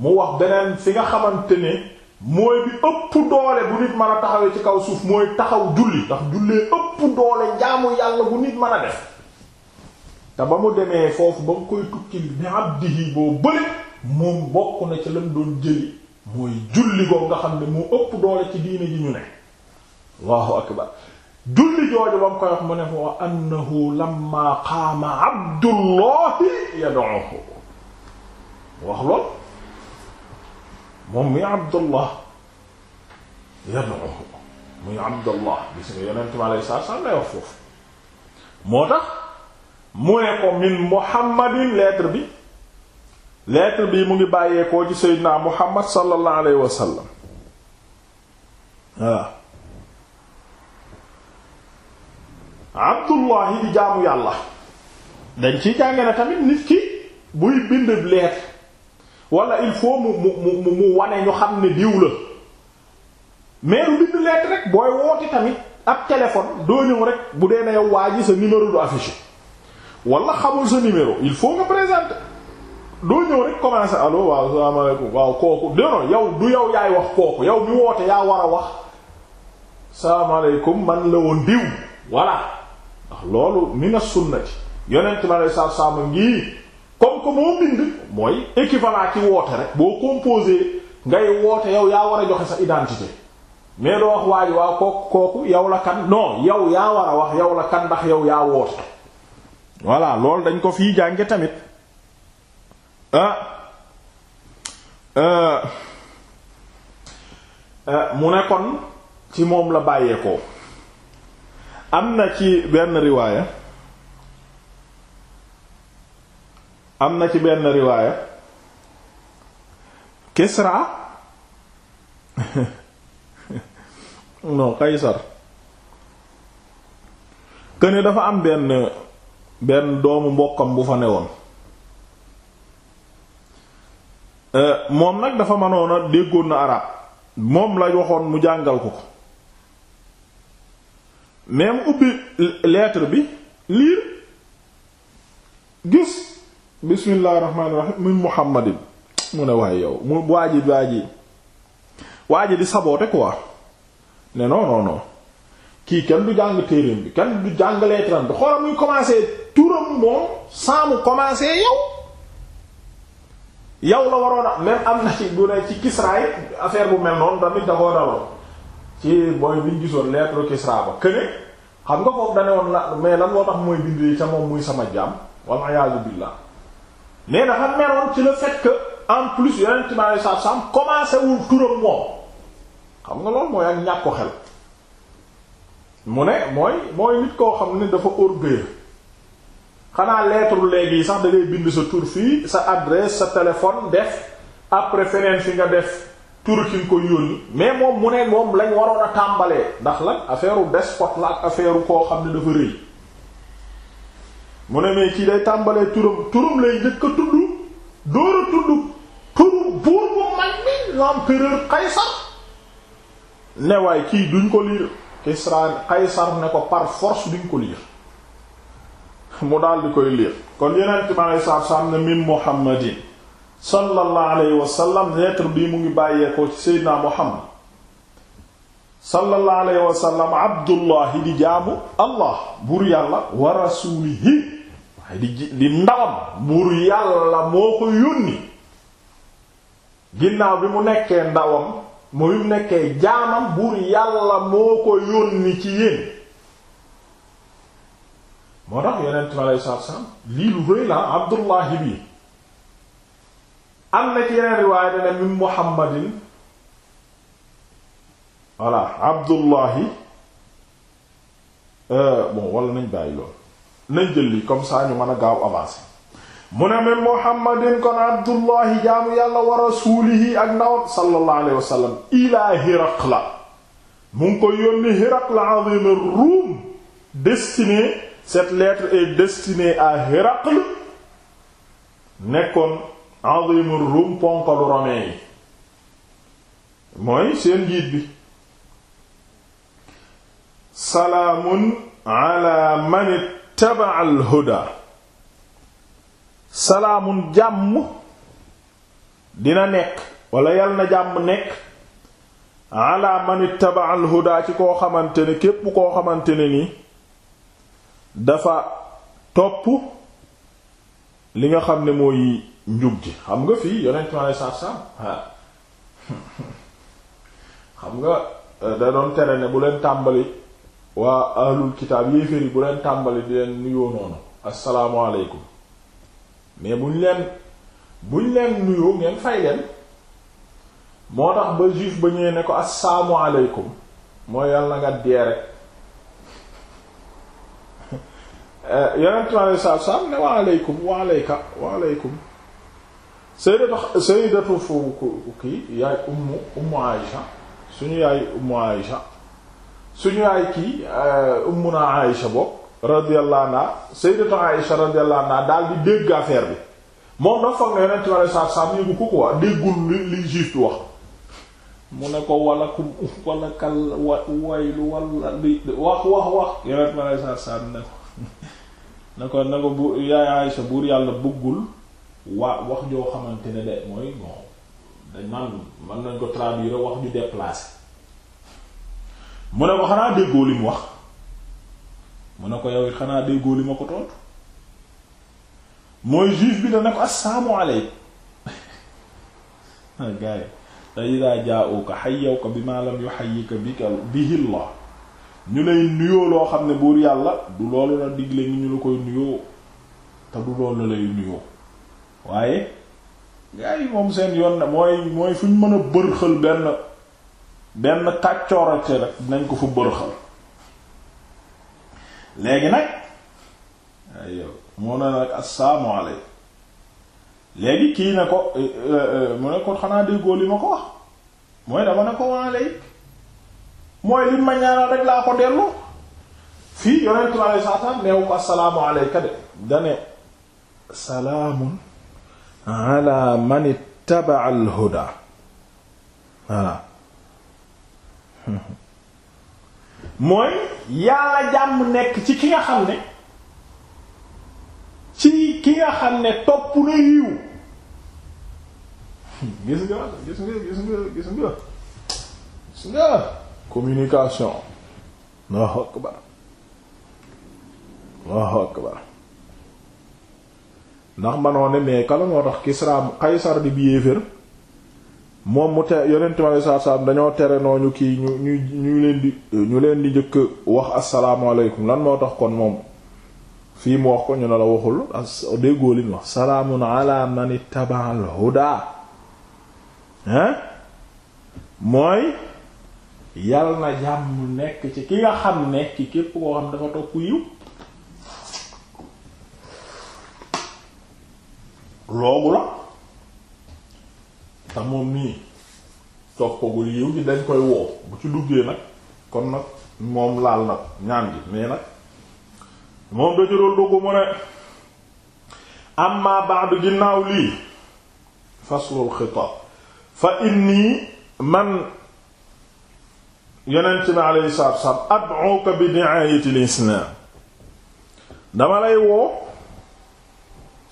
mu wax beneen fi nga xamante ne mooy bi ëpp doole bu nit mën a taxawee ci kaw suuf mooy taxaw julli ndax jullee ëpp doole njaamu yàlla bu nit mën a def te ba mu demee foofu ba mu koy tukkil bi abdihi boo bëri moom bokk na ci lan doon jëli mooy julli boobu nga xam ne moo ëpp doole ci diine ji ñu ne allahu akbar julli jooju ba mu koy wax mu ne wa annahu lamma qaama abdullahi yad'uhu wax lool moom muy abdullah yad'uhu muy abdullah gis nga yonent mi alayhi foofu moo tax mu ne ko min muhammadin lettre bi lettre bi mu ngi bàyyeekoo ci seydinaa muhammad sallallahu alayhi wa sallam voilà abdullahi jaamu yàlla dañ ciy jànge na tamit nit ki buy bind lettre wala il faut mu mu mu mu wane ñu xam ne diw la mais lu bind lettre rek booy wooti tamit ab téléphone doo ñëw rek bu dee na yow waa ji sa numéro du affiché wala xamul sa numéro il faut nga présenter doo ñëw rek commencer allo waaw salaamaaleykum waaw kooku dénon yow du yow yaay wax kooku yow mi woote yaa war a wax salaamaaleykum man la woon diw voilà ndax loolu mina sunnati yonent ma lay sa sama ngi comme que moo bind mooy équivalent ci woote rek boo composé ngay woote yow yaa war a joxe sa identité mais doo wax waaye waa kooku kooku la kan non yow yaa war a wax yow la kan ndax yow yaa woote voilà loolu dañ ko fii jànge tamit ah euh, euh, mu ne ci moom la bàyyeekoo am na ci benn riwaaya am na ci benn riwaaya Kisra non Kaysar këne dafa am benn benn doomu mbokkam bu fa newoon euh, moom nag dafa mënoon a déggoon na arab moom la waxoon mu jàngal ko ko même ubbi lettre bi liir gis bismillahir rahmanir rahim min muhammadin mu ne waaye yow mu waa ji waa ji waa ji di saboote quoi ne non non kii kenn du jàng téereem bi kenn du jàng leetaram bi xoolal muy commencer turam moom saa mu commencer yow la waroon a même am na ci bu ne ci Kisra yi affaire bu mel noonu tamit da koo ci booy bi ñu gisoon lettre Kisra ba këne xam nga foofu da woon la mais lan moo tax mooy bind ca moom muy sama jaam wal a'yadu billah mais dafa meroon ci le fait que en plus yonent bi alei satu salaam commencé wul turam moom xam nga loolu mooy ak ñàkk ko xel mu ne mooy mooy nit koo xam ne dafa orgueilleux xanaa lettre léegi sax da bind sa tur fii sa adresse sa téléphone def après feneen fi nga def tur ki nga ko yónni mais moom mu ne moom lañ waroon a tàmbalee ndax lan affaire u despote la ak affaire koo xam ne dafa rëy mu ne mais kii day tàmbalee turam turam lay njëkk a tudd door a tudd turu buur bu mag bi l'empereur Qaysar ne waaye kii duñ ko liir Kisra Qaysar ne ko par force duñ ko liir mu daal di koy liir kon yeneen mi aleyi saatu salaam ne min Muhammadin sallallahu alayhi wa sallam bii mu ngi bàyyeekoo ci Seydina Muhammad sallallahu alayhi wa sallam Abdullahi di jaamu Allah buur yàlla wa rasulihi waaye di ji di ndawam buur yàlla moo ko yónni ginnaaw bi mu nekkee ndawam mooy mu nekkee jaamam buur yàlla moo ko yónni ci yéen moo tax yonent mi aleyhi salaatu salaam lii lu rëy la Abdullahi bi am na ci yeneen riwaaya dana min Muhammadin voilà Abdullahi euh, bon wala nañ bàyyi loolu nañ jël li comme ça ñu mën gaaw avancer mu ne min muhammadin kon abdullahi jaamu yàlla wa rasuulihi ak ndawam sallallahu alayhi ilaa hiraqla mu ngi ko yónni hiraqla azim ar destiné cette lettre est destinée à hiraqle nekkoon azim ar ponkalu romain yi mooy seen njiit bi salaamun ala manit ittaba al salaamun jàmm dina nekk walla yal na jàmm nekk ala man ittaba al ci koo xamante ne képp koo xamante ne ni dafa topp li nga xam ne mooy njub ji xam nga fii yonent ma lay sarsam xam nga euh, da doon tere ne bu leen tàmbali waa ahlul kitaab yéeféer yi bu leen tàmbali di leen nuyoo noonu assalaamu alaykum mais buñ leen buñ leen nuyoo ngeen fay leen moo tax ba juif ba ñëwee ne ko assalaamu alaykum mooy yàlla nga dee rek eh, yonent mi alei satu ne wa aleykum wa aleyka wa aleykum sayyidatu sayyidatu fu kii yaay ummu ummu Aïsha yaay ummu Aïsha suñu ay kii euh, ummuna Aïcha bokk radiyallahu anha sayyidatu Aïcha radiyallahu anha daal di dégg affaire bi moom nag foog na yonent bi alayhi mu ne ko ne ko bu yaay Aïcha buur yàlla bëggul waa wax joo xamante ne de mooy bon dañ naan nañ ko traduire wax ju déplacé mun ne ko xanaa déggoo li mu wax mu ne ko yow it xanaa déggoo li ma ko tontu mooy juif bi da ne ko assalaamu aleyk gaay te idaa jaa'uka hayyawka bimaa lam yuhayyika bihi Allah ñu lay nuyoo loo xam ne buur yàlla du loolu la digle ni ñu la koy nuyoo te du loolu lay nuyoo waaye gaay moom seen yoon ne mooy mooy fu ñu mën a bërxël benn benn kàccoorate rek dinañ ko fu bërëxal léegi nag ay yow nag assalaamu aleykum léegi kii na ko eh, eh, mu ne ko xanaa déggoo li ma ko wax mooy dama ne ko waaley mooy li ma ñaanal rek laa ko dellu fii yonentu Yàlla saatam neewu ko assalaamu aleyka de dane salaamun ala man ittaba al huda voilà mooy yàlla jàmm nekk ci ki nga xam ne ci ki nga xam ne topp na yiw gis nga gis nga gis nga gis nga gis nga communication Allahu akbar Allahu akbar ndax manoo ne mais kala moo tax Kisra Kaysar di bi yéefér moom mu te yonent mi saa saam dañoo tere noonu kii ñu ñu ñu leen di ñu leen di njëkk wax asalaamaaleykum lan moo tax kon moom fii mu wax ko ñu ne la waxul as déggoo li ñu wax salaamun na man ittaba'al huda hein mooy yal na jàmm nekk ci ki nga xam ne ci képp koo xam dafa topp yiw loogu la te moom nii toppagul yiw ji dañ koy woo bu ci duggee nag kon nag moom laal nag ñaan gi mais nag moom da jëral dugg mu ne amma ba'du ginnaaw lii faslul xitaab fa inni man yonent bi alayhi salaatu wa salaam ad'uka bi di'aayati al-islaam dama lay woo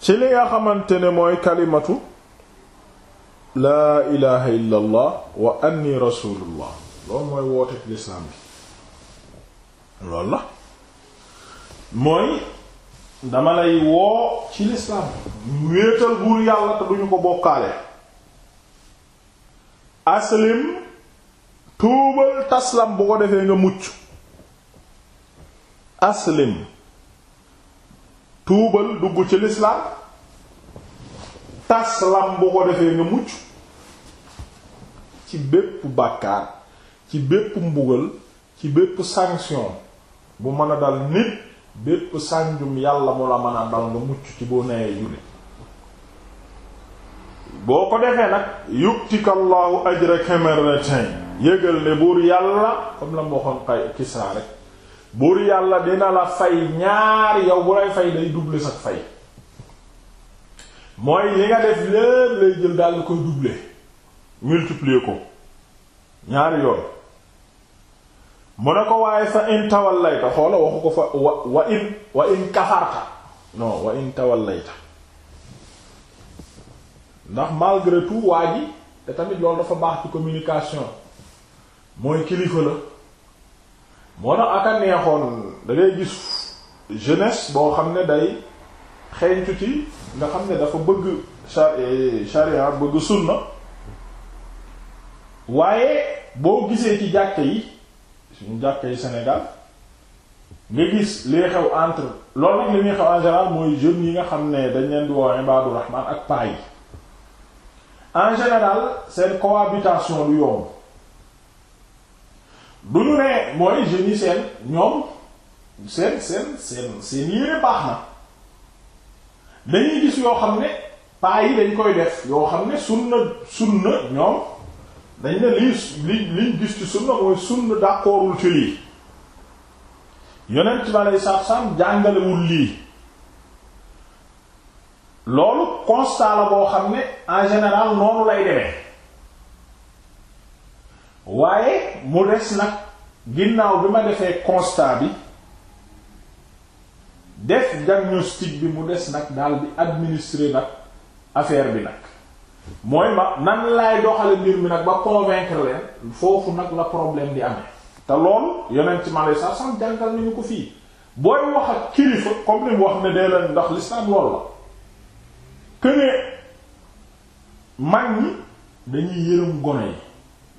ci li nga xamante ne mooy kalimatu laa ilaha illa allah wa anni rasulullah loolu mooy wooteek lislaam bi loolu la mooy dama lay woo ci lislaam wéetal buur yàlla te duñu ko bokkaale aslim tuubal taslam bu ko defee nga mucc aslim tuubal dugg ci lislaam taslam bu ko defee nga mucc ci bépp bàkkaar ci bépp mbugal ci bépp sanction bu mën a dal nit bépp sànjum yàlla mu la mën a dal nga mucc ci boo newee jullit boo ko defee nag yuktika allahu ajraka marratayn yëgal ne buur yàlla comme la mu waxoon xay rek buur yàlla dina la fay ñaari yow bu lay fay day doubler sax fay mooy li nga def lépp lay jël daal koy duble multiplier ko ñaari yoon mu ne ko waaye fa in tawallayta xoola waxu ko fa wa wa in wa in kafarta non wa in tawallayta ndax malgré tout waa ji te tamit loolu dafa baax ci communication mooy kilifa la moo tax aka neexoon da gis jeunesse boo xam ne day xeeñtu ci nga xam ne dafa bëgg eh, charia bëgg sunna waaye boo gisee ci jàkka yi suñu jàkka yi Sénégal nga gis li xew entre lool nag li ñuy xew en général mooy jeunes yi nga xam ne dañ leen di woo Ibaadu Rahman ak paa yi en général seen cohabitation du yomb du ñu ne mooy jeunes seen ñoom seen seen seen seen yéene baax na dañuy gis yoo xam ne paa yi dañ koy def yoo xam ne sunna sunna ñoom. dañ ne lii li liñ gis ci sunna mooy sunna d'accordul ci lii yonent bi alei saatu jàngalewul lii loolu constat la boo xam ne en général noonu lay demee waaye mu des nag ginnaaw bi ma defee constat bi def diagnostic bi mu des nag daal di administrer nag affaire bi nag mooy ma nan laay doxale mbir mi nag ba convaincre leen foofu nag la problème di amee te loolu yeneen ci ma lay sax jàngal nañu ko fii booy wax ak kilifa comme ni mu wax ne dee leen ndax l'islam loolu la que ne mag ñi dañuy yërëm gone yi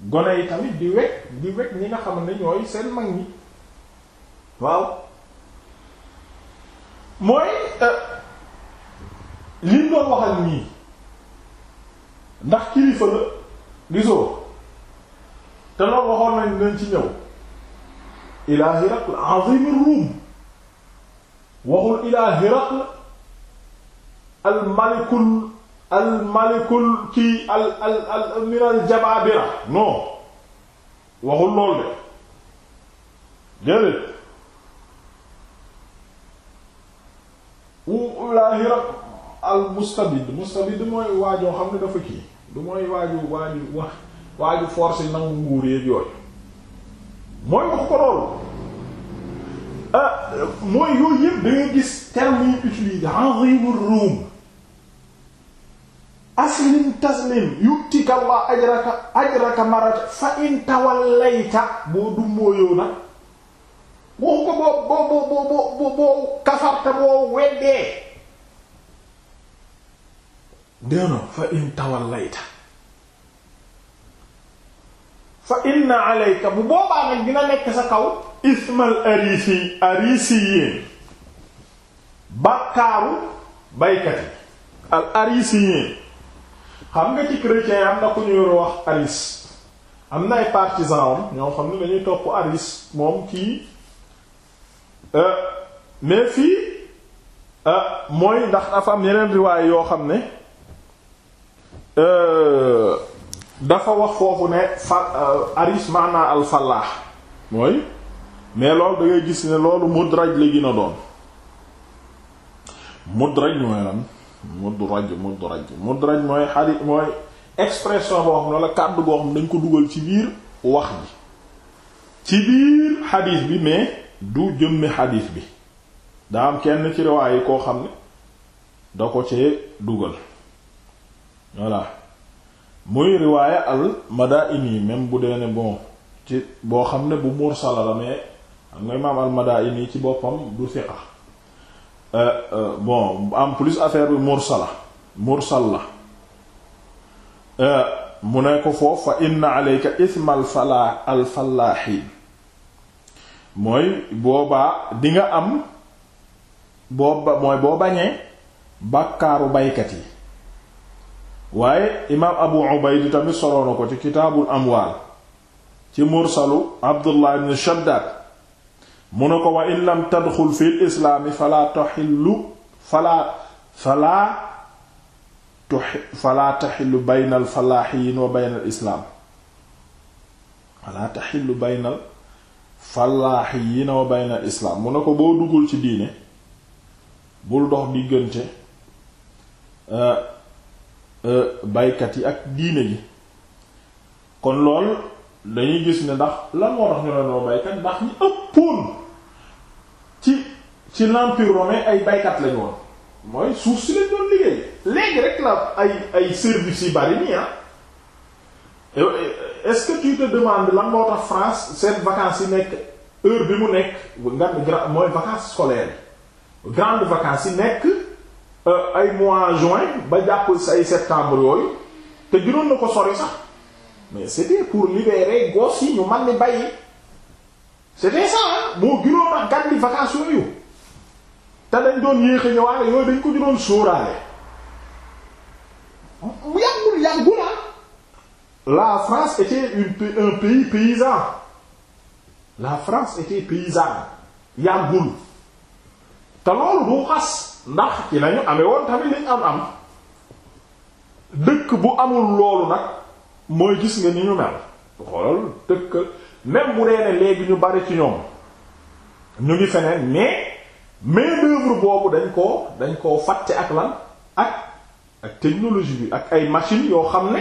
gone yi tamit di wekk di wekk ñi nga xam ne ñooy seen mag ñi waaw mooy euh, liñ doon waxal nii ndax kilifa la gisoo te loolu waxoon nañ nañ ci ñëw ilaa Hiraql azim al malikul al malikul kii al al min al jabaabira non waxul lool de déedéet ilaa Hiraql al mustabid mustabid mooy waajoo xam ne dafa kii du mooy waaju waaju wa waaju force nangu nguur yeeg yooyu mooy wax ko loolu ah, mooy yooyu yëpp da ngay gis terme yi utilisé azimur ruum aslim taslim yu'tika Allah ajraka ajraka marata fa in tawallayta boo du mooyoo na ko boo boo boo boo boo kafarta boo weddee déenoo fa in tawallayta fa inna alayka bu boobaa nag dina nekk sa kaw ismal arisi arisi yéen bàkkaaru baykat yi al arisi xam nga ci chrétien am na ku ñuy wax aris am na ay partisan ñoo xam ne dañuy topp aris moom kii euh, mais fii euh, mooy ndax dafa am yeneen riwaay yoo xam ne Euh, dafa wax foofu ne fa euh, aris maanaa al fallah mooy mais loolu da gis ne loolu mudraj la gën a doon mudraj mooy lan mudraj mudraj mudraj mooy xari mooy expression boo xam ne la kàddu boo xam dañ ko dugal ci biir wax ji ci biir xadiis bi mais du jëmmi xadiis bi daa am kenn ci yi koo xam ne da ko ci dugal voilà muy riwaaya al madaini même bu dee ne bon ci boo xam ne bu mursala la mais xam nga imaam al madaini ci boppam du thiqa euh, euh, bon en plus affaire bi mursala mursal la euh, mu ne ko foofu fa inna alayka isma al falaa al fallaaxiin mooy boobaa dinga am boo mooy boo bañee bàkkaaru baykat yi waaye imaam abu ubayd tamit soloo na ko ci kitaabul amwaal ci mursalu abdullah ibn shaddad mu ne ko wa in lam tadxul fi islaami falaa taxillu falaa falaa falaa falaa taxillu bayna al wa bayna islaam mu ne ko boo duggul ci diine bul dox diggante euh, E, baykat yi ak diine yi kon lool dañuy gis ne ndax lan moo tax ñu ne baykat ndax ñi ëppoon ci ci l'empire romain ay baykat lañu woon mooy suuf si lañ doon liggéey léegi rek la ay ay services yi bari nii ah est-ce que tu te demandes lan moo tax France seen vacances yi nekk heure bi mu nekk nga mooy vacances scolaires grandes vacances yi nekk Euh, ay mois juin ba jàpp ay septembre yooyu te juróon na ko sori sax mais c'était pour libérer gos yi ñu man ni bàyyi c'était ça boo juróon na gan di vacances yooyu te dañ doon yéex a ñëwaale yooyu dañ ko juróon sóoraale mu yàggul yàggu la la France était une un pays paysan la France était paysanne yàggul te loolu du ndax yi lañu amee woon tamit liñ am am dëkk bu amul loolu nag mooy gis nga ni ñu mel xoolal dëkk même bu dee ne léegi ñu bari ci ñoom ñu ngi feneen mais main-d'œuvre boobu dañ koo dañ koo fàtte ak lan ak ak technologie bi ak ay machines yoo xam ne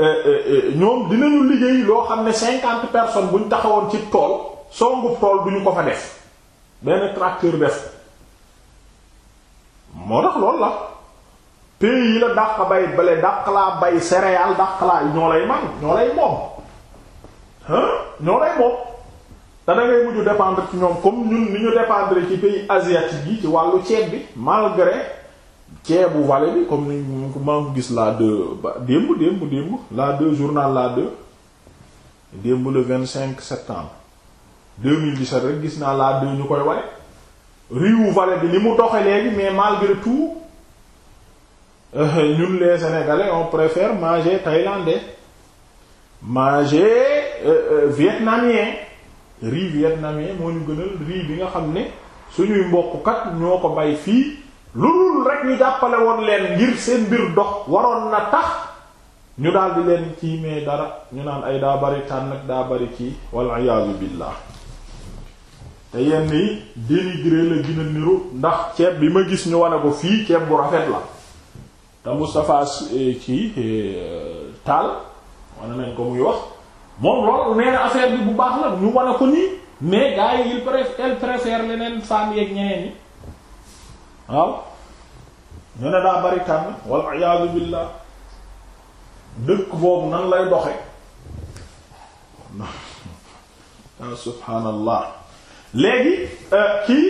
euh, euh, euh, ñoom dinañu liggéey loo xam ne cinquante personnes buñ taxawoon ci tool songu tool duñu ko fa def benn tracteur def moo tax loolu la pays yi la dàq bay bale dàq laa bay céréale dàq laa ñoo lay man ñoo lay moom hein ñoo lay moom te da mujju dépendre ci ñoom comme ñun ni ñu dépendre ci pays asiatique yi ci wàllu ceeb bi malgré ceebu vallée bi comme ni maa gis la deux ba démb démb démb la deux journal la deux démb le vingt cinq septembre deux mille dix-sept rek gis naa la deux ñu koy ware riwu vallée bi ni mu doxe léegi mais malgré tout euh, ñun les sénégalais on préfère manger thaïlandais manger euh, euh, vietnamien riz vietnamien moo ñu gënal riz bi nga xam ne suñuy mbokkukat ñoo ko bay fii lu dul rek ñu jàppale woon leen ngir seen mbir dox waroon na tax ñu daldi leen ci mais dara ñu naan ay daa bari tànn ak daa bari kii wal iyaazu billah te yenn yi dénigré la gën a ndax ceeb bi ma gis ñu wane ko fii ceeb bu rafet la te Moustapha eh, ci eh, Tall wane nañ ko muy wax moom loolu nee na affaire bi bu baax la ñu wane ko nii mais gars yi il préfère elle préfère leneen femme yeeg ñeneen ñi waaw ñu daa bari tànn wal iyaadu billah dëkk boobu nan lay doxe subhaanallah léegi euh, kii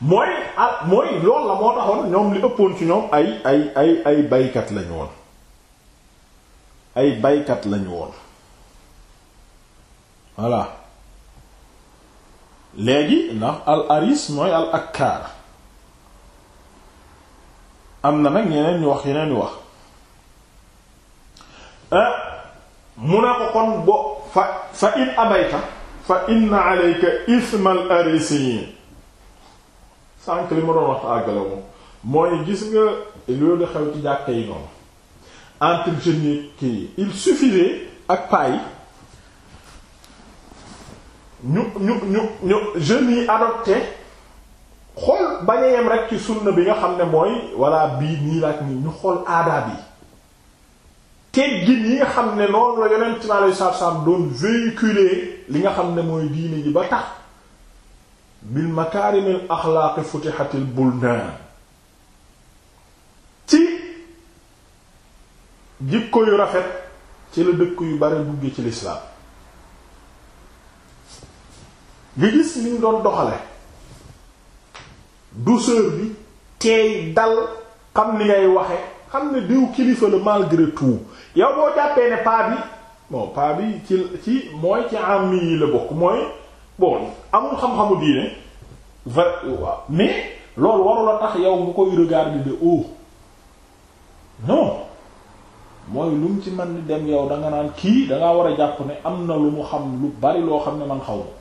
mooy ah mooy loolu la moo taxoon ñoom li ëppoon ci ñoom ay ay ay baykat lañu woon ay baykat lañu woon voilà léegi ndax al aris mooy al akkaar am na nag ñeneen ñu wax yeneen ñu wax euh, mu ne ko kon bo fa fa in abayta fa inna alayka ismal arisiin sànq li ma doon wax àggale moom mooy gis nga loolu xew ci jàkka yi noonu entre jeunes kii il suffisait ak paa ñu ñu ñu ñu jeunes yi xool bañ a yem ci sunna bi nga xam ne mooy walla bii nii laaj nii ñu xool aadaab yi teggin yi nga xam ne noonu la yonent mi alayhi salaatu salaam doon véhiculer li nga xam ne mooy diine ji ba tax bil makaarimil axlaaqi futihatil buldaan ci jikko yu rafet ci la dëkk yu bare duggee ci lislaam nga gis ni doon doxale douceur bi teey dal xam ni ngay waxe xam ne diw kilifa la malgré tout yow boo jàppee ne paa bi bon paa bi ci ci mooy ci am yi la bokk mooy bon amul xam-xamu diine vrai waaw mais loolu warul a tax yow nga koy regarder bi haut non mooy lu mu ci mën di dem yow danga naan kii da war a jàpp ne am na lu mu xam lu bari loo xam ne man xaw ma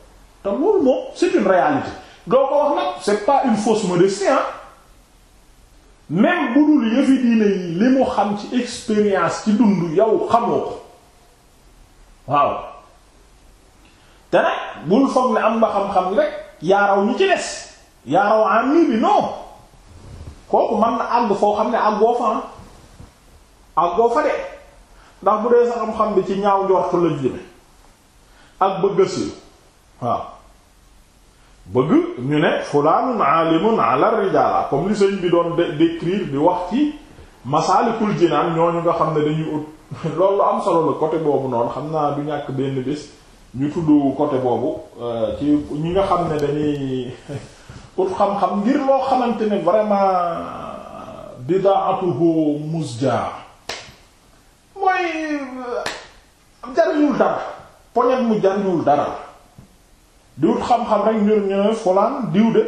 te loolu moom c'est une réalité doo ko wax nag c'est pas une fausse modestie hein même bu dul yëfi diine li mu xam ci expérience ci dund yow xamoo ko waaw te nag bul foog ne am nga xam-xam rek yaaraw ñi ci des yaaraw en mi bi non kooku mën na àgg foo xam ne àggoo fa ah. àggoo fa de ndax bu dee sa xam-xam bi ci ñaaw njort la jëme ak bëgg a siiw waaw bëgg ñu ne fulaanun aalimun ala rijaala comme li sëñ bi doon décrire di wax ci masaalikul jinaan ñooñu nga xam ne dañuy ut loolu am solo la côté boobu noonu xam naa du ñàkk benn bés ñu tudd côté boobu euh, ci ñi nga xam ne dañuy ut xam-xam ngir loo xamante ne vraiment bidaatuhu musja mooy euh, jariñul dara poñet mu jariñul dara diwut xam rek ñu ne fulaan diw de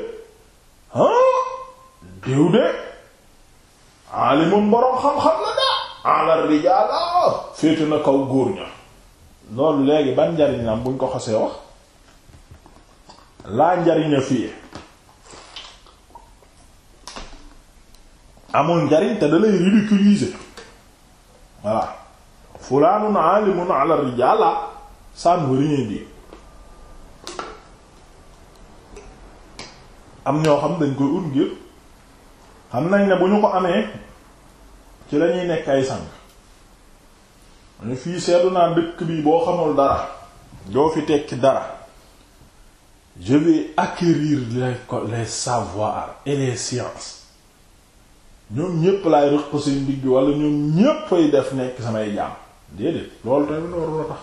ah diw de alimun boroom xam-xam la daa alal rijaala ah. féete na kaw góor ña loolu léegi ban njariñ la buñ ko xasee wax laa njariña fii amul njariñ te da lay ridiculiser voilà fulaanun alimun alal rijaala ah. ça ne veut rien am ñoo xam dañ koy ut ngir xam nañ ne bu ñu ko amee ci la ñuy nekk ay sànq ñu fii seetlu naa dëkk bi boo xamul dara doo fi tekki dara je vais acquérir les les savoirs et les sciences ñoom ñépp laay rëq seen digg wala ñoom ñépp def nekk samay jaam déedéet loolu tamit loolu loolu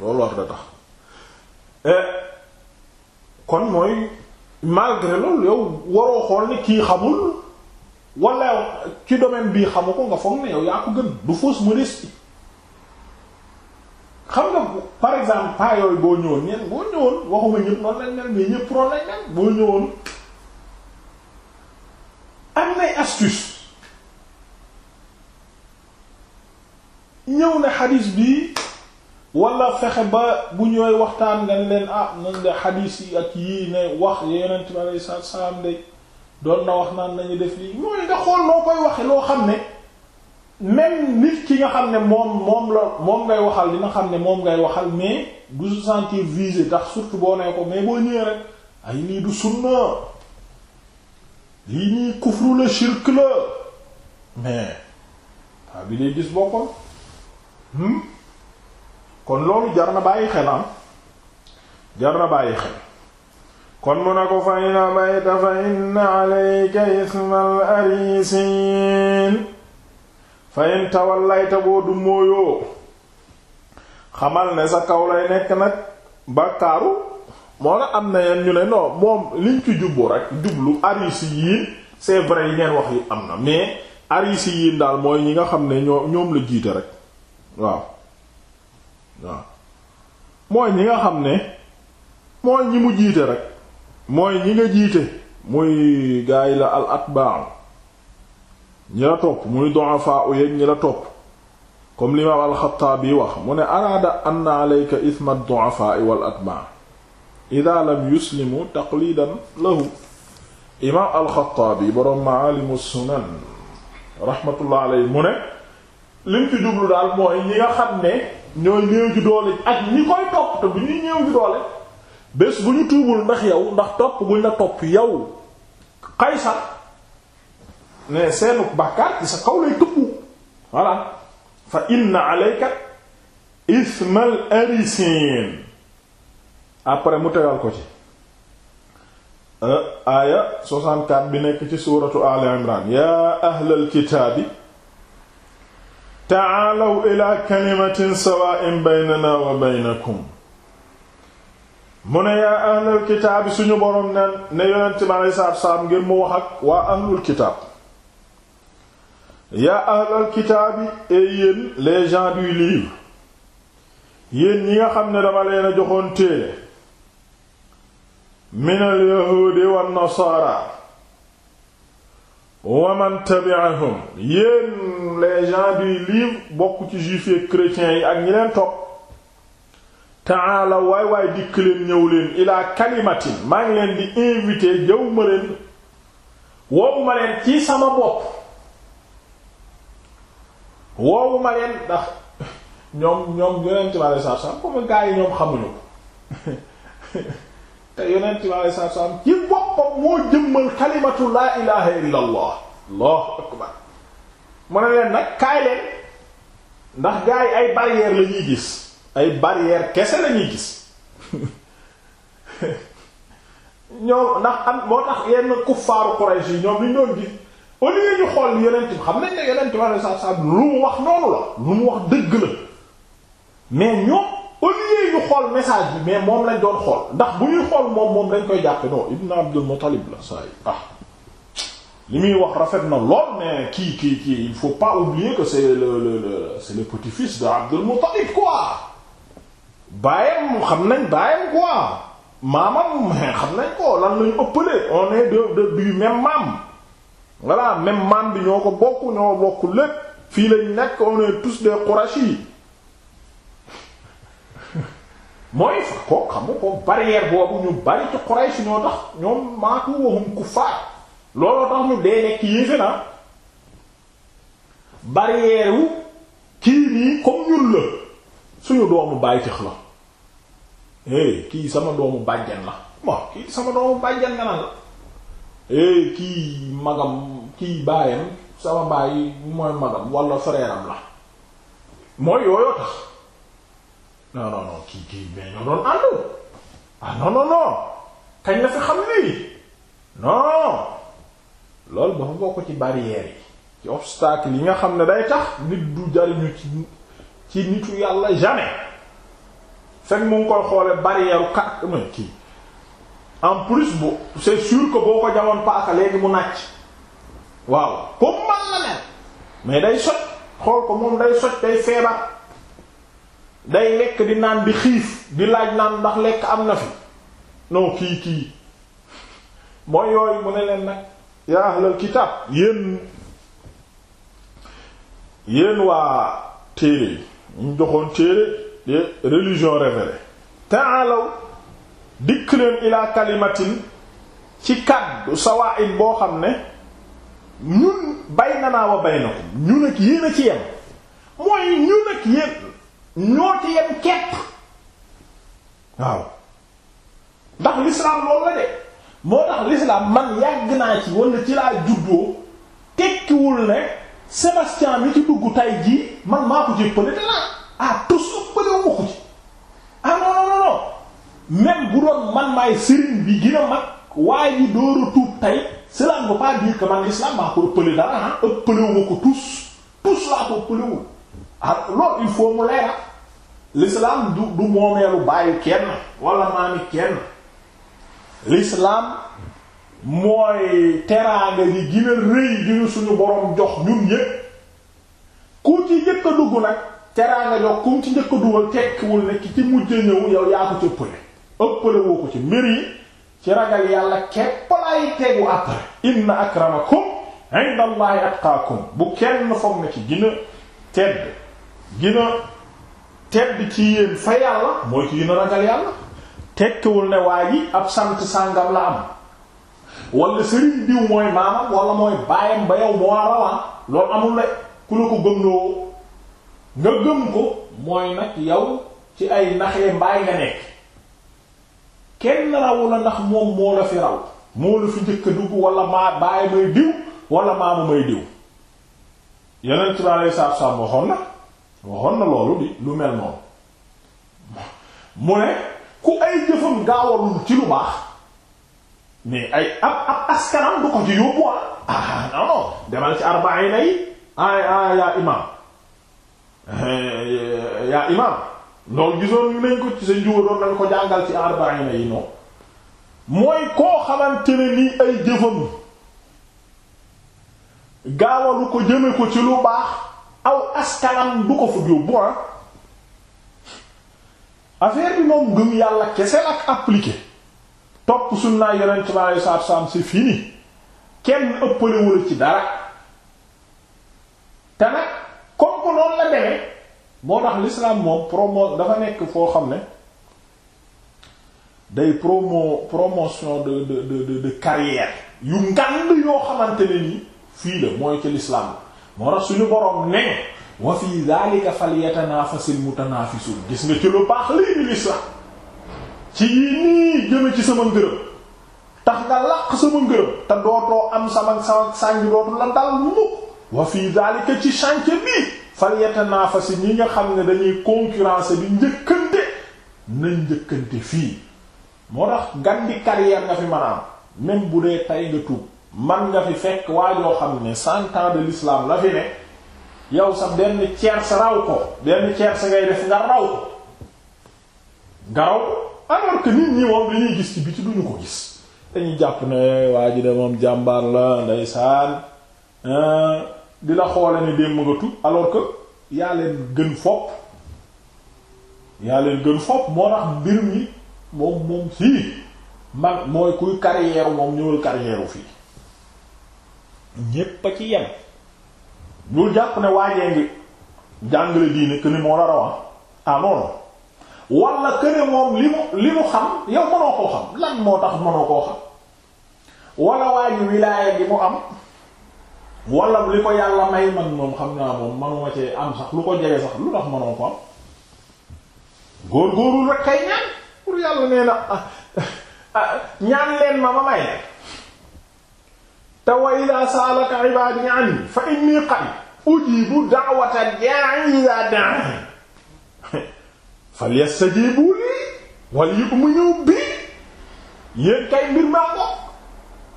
war la tax eh, kon mooy malgré loolu yow waroo xool ni kii xamul wala ci domaine bii xamu ko nga foog ne yow yaa ko gën du fausse modestie xam nga par exemple pas yooyu boo ñëwoon ñenn boo ñëwoon waxuma ñëpp noonu lañ mel mais ñëpp pro lañ mel boo ñëwoon am nay astuce ñëw na xadiis bii wala fexe ba bu ñooy waxtaan nga leen ah nañ de xadiis yi ak yii ne wax yonent bi alayhi salaatu na wax naan nañu def lii mooy nga xool loo koy waxe loo xam ne même nit ki nga xam ne moom moom la moom ngay waxal dina xam ne moom ngay waxal mais du se sentir visé ndax surtout boo nee ko mais boo ñëwee ay lii du sunna lii nii kufru la shirk la mais waa bi day gis boppam hmm? kon loolu jar na bàyyi xel ah jar na bàyyi xel kon mu ne ko fa in abayta fa inna alayka ismal arisiin fa in tawallayta boo du mooyoo xamal ne sa kaw lay nekk nag bàkkaaru moo na am na yenn ñu ne non moom liñ ci jubbu rek jublu arisiin c'est vrai yi ngeen wax yi am na mais arisiin daal mooy ñi nga xam ne ñoom la jiite rek waaw waaw mooy ñi nga xam ne mooy ñi mu jiite rek mooy ñi nga jiite muy gaay la al atbaa ñi la topp muy du'afa u yeeg ñi la topp comme wax mu ne araada anna alayka isma ad-du'afa wal atbaa idha lam yuslimu taqlidan lahu imam al-Xattaabi boroom maalimu sunan rahmatullah mu ne lim ci jublu daal mooy ñi nga xam ne ñooy néew ju doole ak ñi koy topp te bu ñuy néew ju doole bés bu ñu tuubul ndax yow ndax topp guñ la topp yow Qaysar ne seenu bàkkaar ci sa kaw lay këppu voilà fa inna alayka ismal arisin après mu tegal ko ci euh, aaya 64 bi nekk ci suuratu Al Imran yaa ahlal kitaabi taalaw ila kalimatin sawaa'in baynana wa baynakum mu ne yaa ahlal kitaab suñu boroom ne ne yonent bi alayhi salaatu salaam ngir mu wax ak waa ahlul kitaab yaa ahlal kitaabi et yéen les gens du livre yéen ñi nga xam ne dama leen a joxoon téere minal yahuudi wan nasaara wa man tabi'ahum yéen les du livre bokk ci juifs et chrétiens yi ak ñi leen topp ta'ala waay waay dikk leen ñëw leen ilaa kalimatin maa ngi leen di invité jëw ma leen woowu ma leen ci sama bopp woowu ma leen ndax ñoom ñoom yonent bi sallallahu alayhi wasallam comme gaa yi ñoom xamuñu te yonent bi alayhi salaatu salaam ci boppam moo jëmmal kalimatu laa ilaha illa allah allahu akbar mu ne leen nag kaay leen ndax gars yi ay barrière la ñuy gis ay barrière kese lañuy gis ñoom ndax am moo tax yenn kuffaaru Quraysh yi ñoom li ñu doon gis au xool yonent bi xam nañ ne yonent bi alayhi salaatu salaam lu mu wax noonu la lu mu wax dëgg la mais ñoom au lieu ñu xool message bi mais moom lañ doon xool ndax bu ñuy xool moom moom dañ koy jàppe non Ibn Abdul Muttalib la saa yi ah li muy wax rafet na lool mais kii kii kii il faut pas oublier que c'est le le le c'est le petit-fils de Abdul Muttalib quoi baayam xam nañ baayam quoi maamam xam nañ ko lan lañ ëppale on est de de du même maam voilà même maam bi ñoo ko bokk ñoo bokk lépp fii lañ nekk on est tous des Qurachis mooy fa kooku xam nga ko boobu ñu bari ci Quraysh ñoo tax ñoom maatu wahum kuffaar looloo tax ñu dee nekk yéefe na ah. barrière kii nii comme ñun la suñu doomu bàyyi tëx la eh, kii sama doomu bàjjan la bon kii sama doomu bàjjan nga naan la eh kii magam kii baayam sama baay mooy magam wala frère la mooy yooyoo tax. non non non kii kii mais ñoo doon ànd ah non non non kañ la fi xam lii non loolu dafa bokk ci barrière yi ci obstacle yi nga xam ne day tax nit du jariñu ci ci nitu yàlla jamais fekk mu ngi koy xoole barrière kat ma kii en plus bu c'est sûr que boo ko jamoon paaka léegi mu nàcc waaw comme man la mel mais day soj xool ko moom day soj day feebar day lekk di naan di xiif di laaj naan ndax lekk am na fi non kii kii mooy yooyu mu ne leen nag yaa ahlal kitaab yéen yéen waa téere ñu joxoon téere de religion révélée ta'alaw dikk leen ilaa kalimatin ci kàddu sawaa'in boo xam ne ñun baynanaa wa baynakum ñun ak yéen a ci yem mooy ñun ak yéen ñoo ci yem kepp waaw ndax l'islam loolu de moo tax l'islam man yàgg naa ci wala ci laa juddoo tekkiwul ne Sébastien mi ci dugg tay jii man maa ko ci pële danaa ah tus ëppalewu ma ko ci ah non non non même bu doon ko ah. ma tus tus laa ko ëppalewu ah loolu il faut mu leera l'islam du du moomeelu bàyyi kenn wala maami kenn l'islam mooy teraanga gi gën a rëy gi ñu suñu borom jox ñun ñépp ku ci njëkk dugg nag teraanga jox ku ci njëkk a tekkiwul ne ki ci mujj ñëw yow yaa ko ci ëppale ëppale woo ko ci mbir yi ci ragal yàlla képp lay tegu après inna akramakum indallahi atqaakum bu kenn foog na ci gën tedd gën tedd ci yéen fa yàlla mooy ci gën a ragal yàlla tekkiwul ne waa yi ab sant sàngam la am wala sëriñ diw mooy maamam wala mooy baayam ba yow moo rawaa ah, loolu amul la ku la ko gëmloo nga gëm ko mooy nag yow ci ay naxee mbaay nga nekk kenn rawu la ndax moom moo la fi raw moo la fi njëkk a dugg wala maa baay may diw wala maamu may diw yeneen ci baa lay saab saab waxoon na waxoon na loolu di lu mel noonu mu ne ku ay jëfam gaawalul ci lu baax mais ay ab ab askanam du ko ci yóbbu ah, ah non demal ci arbaina yi ay ah, ah yaa imaam eh, yaa imaam loolu gisoon ñu ko ci sa njuwa nañ ko jàngal ci arbaina yi non mooy koo xamante ne nii ay jëfam gaawalu ko jëme ko ci lu baax aw askanam du ko fa yóbbu ah affaire bi moom gëm yàlla kese la ak appliqué topp sunnaa yonent bi alei saatu salaam c'est fini kenn ëppalewul ci dara te nag comme que noonu la demee moo tax l'islam moom promo dafa nekk foo xam ne day promo promotion de de de de carrière yu ngand yoo xamante ni fii la mooy ci l'islam moo tax suñu boroom ne wa fi dhalika falyatanafasil mutanafisun gis nga ci lu baax lii di sax ci yii nii jëme ci sama ngërëm tax nga làq sama ngërëm te dootoo am sama sama sàngi dootu la dal mukk wa fi dhalika ci chantier bii falyatanafasin ñi nga xam ne dañuy concurrence bi njëkkante nañ njëkkante fii moo tax gan di carrière nga fi mën a am même bu dee tay nga tuub man nga fi fekk waa joo xam ne cent ans de l'islam la fi ne yow sax benn tiers sa raw ko benn tiers sa ngay def nga raw nga raw alors nit ñi moom li gis ci biti duñu ko gis dañuy jàpp ne eh, waa ji de moom jàmbaar la ndeysaan eh, di la xoole ni démb nga tut alors que yaa leen gën fopp yaa leen gën fopp moo tax mbir mi moom moom fii man mooy kuy carrière moom ñëwal carrière fii ñépp a ci yem bul jàpp ne waajee ngi jàngale diine que moo la rawan ah, ah non non wala moom li mu li mu xam yow mënoo koo xam lan moo tax mënoo koo xam wala waaji wilaaya gi mu am wala li ko yàlla may man moom xam naa moom manuma ci am sax lu ko jege sax lu tax mënoo ko am góor-góorul rek kay ñaan pour yàlla nee ah, ah, ñaan leen ma ma may te wa idaa saalaka ibaadi anni fa inni qarib ujibu da'wata daa'i idaa da'aani falyastajiibu lii wal yu'minu bi yéen kay mbir maa ko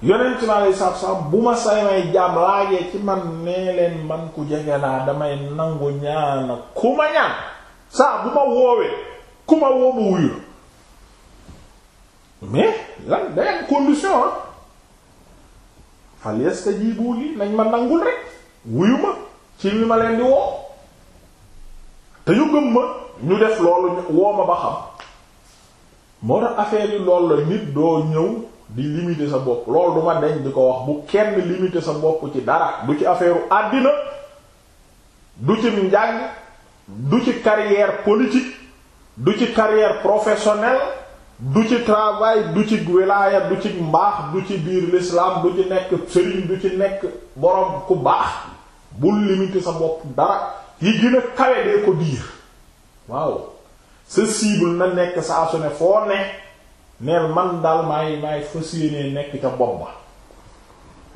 yonent bi alayhi salaatu salaam bu ma samay jaam laajee ci man nee leen man ku jege laa damay nangu ñaana ku ma ñaan saa bu ma woowee ku ma woo ma wuyu mais day am condition fal yastajibu lii nañ ma nangul rek wuyu ma ci li ma leen di woo te ñu gëm ma ñu def loolu woo ma ba xam moo tax affaire yi loolu la nit doo ñëw di limiter sa bopp lool du ma deñ di ko wax bu kenn limiter sa bopp ci dara du ci affaire àddina du ci njàng du ci carrière politique du ci carrière professionnelle du ci travail du ci wilaaya du ci mbaax du ci biir lislaam du ci nekk sëriñ du ci nekk borom ku baax bu limiter sa bopp dara yi gën a kawe dee ko diir waaw sa cible na nekk saa su ne foo ne neel man daal maay maay fas yéenee nekk ca bopp ba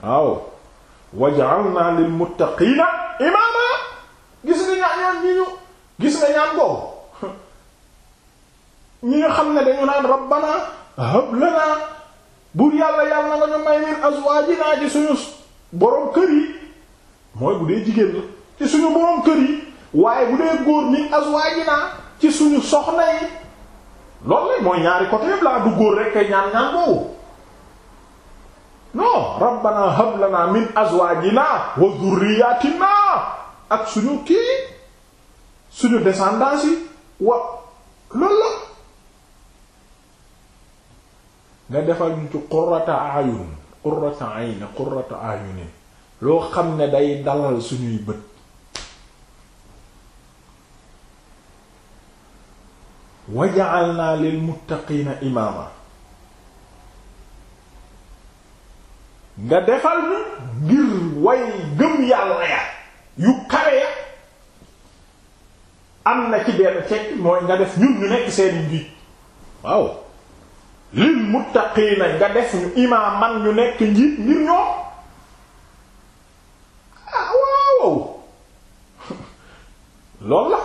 waaw waj'alna lil muttaqina imama gis nga ñaan ñi ñu gis nga ñaan boobu ñi nga xam ne dañu naan rabbana hab lana buur yàlla yàlla nga ñu may min azwaajina ci suñu borom kër yi mooy bu dee jigéen la ci suñu borom kër yi waaye bu dee góor min azwaajina ci suñu soxna yi loolu la mooy ñaari ko yëpp laa du góor rek kay ñaan ñaan boobu non rabbana hab lana min azwaajina wa dhurriyyatina ak suñu kii suñu descendance yi wa la nga defal ñu ci qurrata ayun qurrata ayn qurrata ayunin loo xam ne day dalal suñuy bët waja'alna lil muttaqiina imaama nga defal ñu ngir way gëm yàlla ya yu kawe ya am na ci benn tekk mooy nga def ñun ñu nekk seeni njiit waaw lil muttaqiina nga def ñu imaam ñu nekk njiit ngir ñoom ah waaw loolu la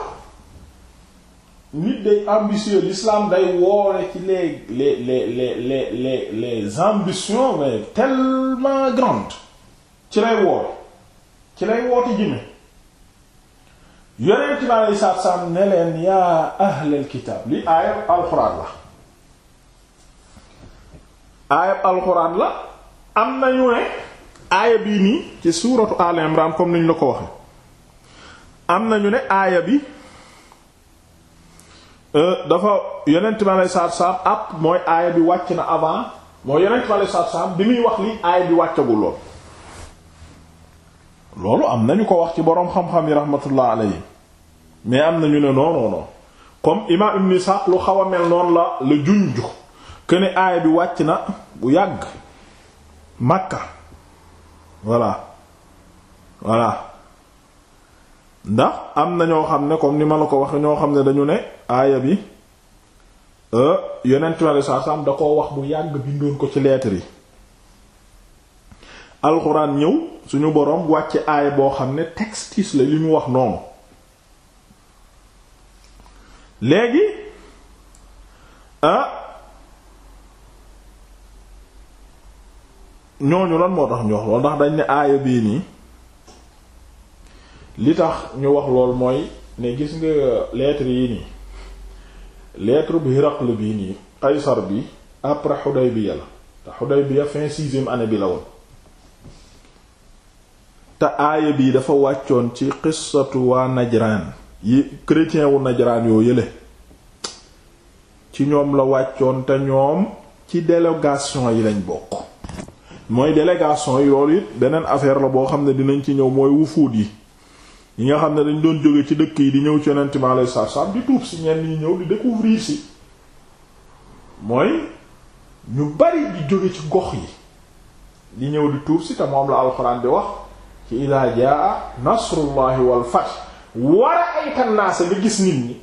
nit day ambitieux l'islam day woore ci les les les les les les ambitions mais tellement grandes ci lay woore ci lay woote jime yonent bi alei saatu salaam ne leen yaa ahlal kitaab li aaya alxuraan la aayab alxuraan la am nañu ne aaya bii nii ci suuratu al imran comme niñ la ko waxe am nañu ne aaya bi euh, dafa yonent ma lay saab saab ab mooy aaya bi wàcc na avant mooy yonent ma lay saab saab bi muy wax li aaya bi wàccagul lool loolu am nañu ko wax ci boroom xam-xam yi rahmatullah alayhi mais am nañu ne non non non comme imaam Ibn Sa'd lu xaw a mel noonu la la junju këne aaya bi wàcc na bu yàgg Makka voilà voilà ndax am na ñoo xam ne comme ni ma la ko waxe ñoo xam ne dañu ne aaya bi euh, yonent mi saa saam da koo wax bu yàgg bindoon ko ci lettre yi alxuraan ñëw suñu boroom wàcce aaya boo xam ne textis la li mu wax noonu léegi ah, ñooñu lan moo tax ñu wax lool ndax dañ ne aaya bii nii li tax ñu wax lool mooy ne gis nga lettre yi nii lettre bu Hiraql bii nii Qaysar bi après bi la te bi fin sixième année bi la woon te aaya bii dafa wàccoon ci qissatu waa Najraan yi chrétien wu Najraan yoo yële ci ñoom la wàccoon te ñoom ci délégation yi lañ bokk mooy délégation yi loolu it beneen affaire la boo xam ne dinañ ci ñëw mooy wufuud yi ñi nga xam ne dañ doon jóge ci dëkk yi di ñëw ci yonent bi alayhi salaatu salaam di tuub si ñenn ñi ñëw di découvrir si mooy ñu bari di jóge ci gox yi di ñëw di tuub si te moom la alxuraan bi wax ci idaa jaa nasrullahi wal fath wa ra'ayta an-naasa nga gis nit ñi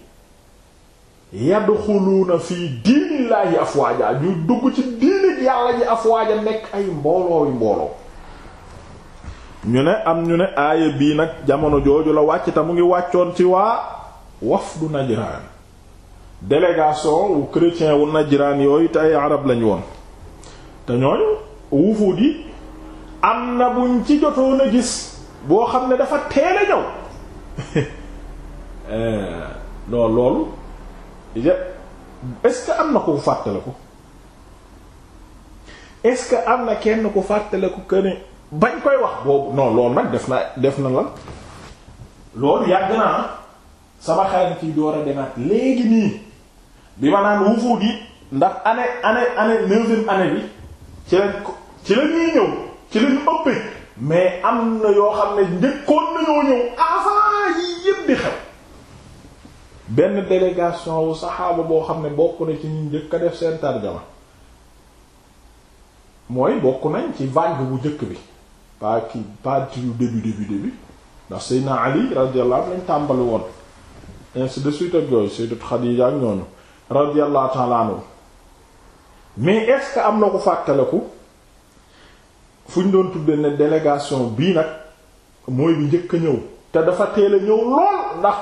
yadxuluuna fii diinillaahi afwaajaa ñu dugg ci diin yàlla ñi afwaaja nekk ay mboolooyu mbooloo ñu ne am ñu ne aaya bii nag jamono jooju la wàcc te mu ngi wàccoon ci waa wafdu Najraan délégation wu chrétien wu Najraan yooyu te ay arab lañu woon te ñooñ wufuut yi am na buñ ci jotoon a gis boo xam ne dafa teel a ñëw eh, non loolu est-ce que am na ko fàttale ko est-ce que am na kenn ku fàttaliku que ne bañ koy wax boobu non loolu nag def na def na la loolu yàgg naa sama xel ci door a demaat léegi nii bi ma naan wufuut gi ndax année année année neuvième année bi ci la ñëw ci la ëppee mais am na yoo xam ne njëkkoon nañoo ñëw avant yi yëpp di xew benn délégation wu saxaaba boo xam ne bokk na ci ñu njëkk a def seen tarjama mooy bokk nañ ci vague bu njëkk bi pas ki pas du début ndax Seydina Ali radiyallahu anhu lañ tàmbali woon ainsi de suite ak yooyu Sayyidatu Xadiija ak ñooñu radiyallahu ta'ala anhu mais est-ce que am na ko fàttaleku fu ñu doon tuddee ne délégation bii nag mooy bi njëkk a ñëw te dafa teel a ñëw lool ndax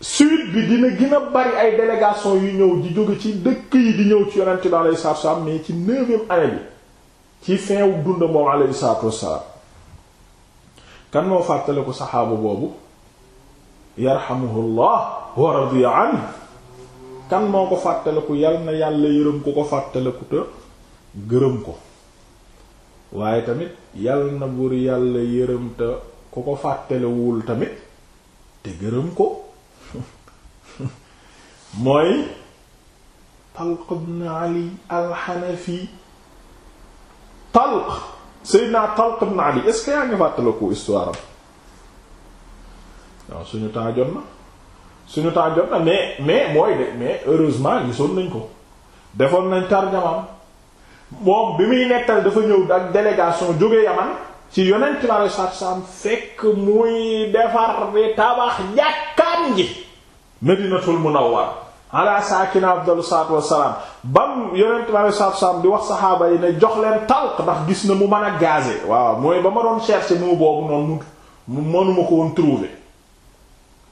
suite bi dina gën a bari ay délégation yu ñëw di jóge ci dëkk yi di ñëw ci yonent bi alayhi salaatu wasalaam mais ci neuvième année bi ci fin dund moom alayhi salaatu wasalaam kan moo fàttale ko saxaaba boobu yarhamuhullah wa radiya anhu kan moo ko fàttaliku yal na yàlla yërëm ko ko fàttaliku te gërëm ko waaye tamit yàlla na buur yàlla yërëm ku ko fàttaliwul tamit te gërëm ko mooy Talq ibn Ali al Talq Seydina Talq ibn Ali est-ce que yaa ngi fàttaliku histoire am waaw suñu temps jot na suñu temps jot na mais mais mooy de mais heureusement gisoon nañ ko defoon nañ tarjamaam moom bi muy nekkal dafa ñëw ak délégation jóge Yaman ci yonent bi alei satu salaam fekk muy defar bi tabax jàkkaan ji medinatul munawwar ala saakina afdalu salaatu wassalaam bam yonent bi alei salatu salaam di wax saxaaba yi ne jox leen talq ndax gis na mu man a gaze waaw mooy ba ma doon chercher moo boobu noonu mu mënuma ko woon trouver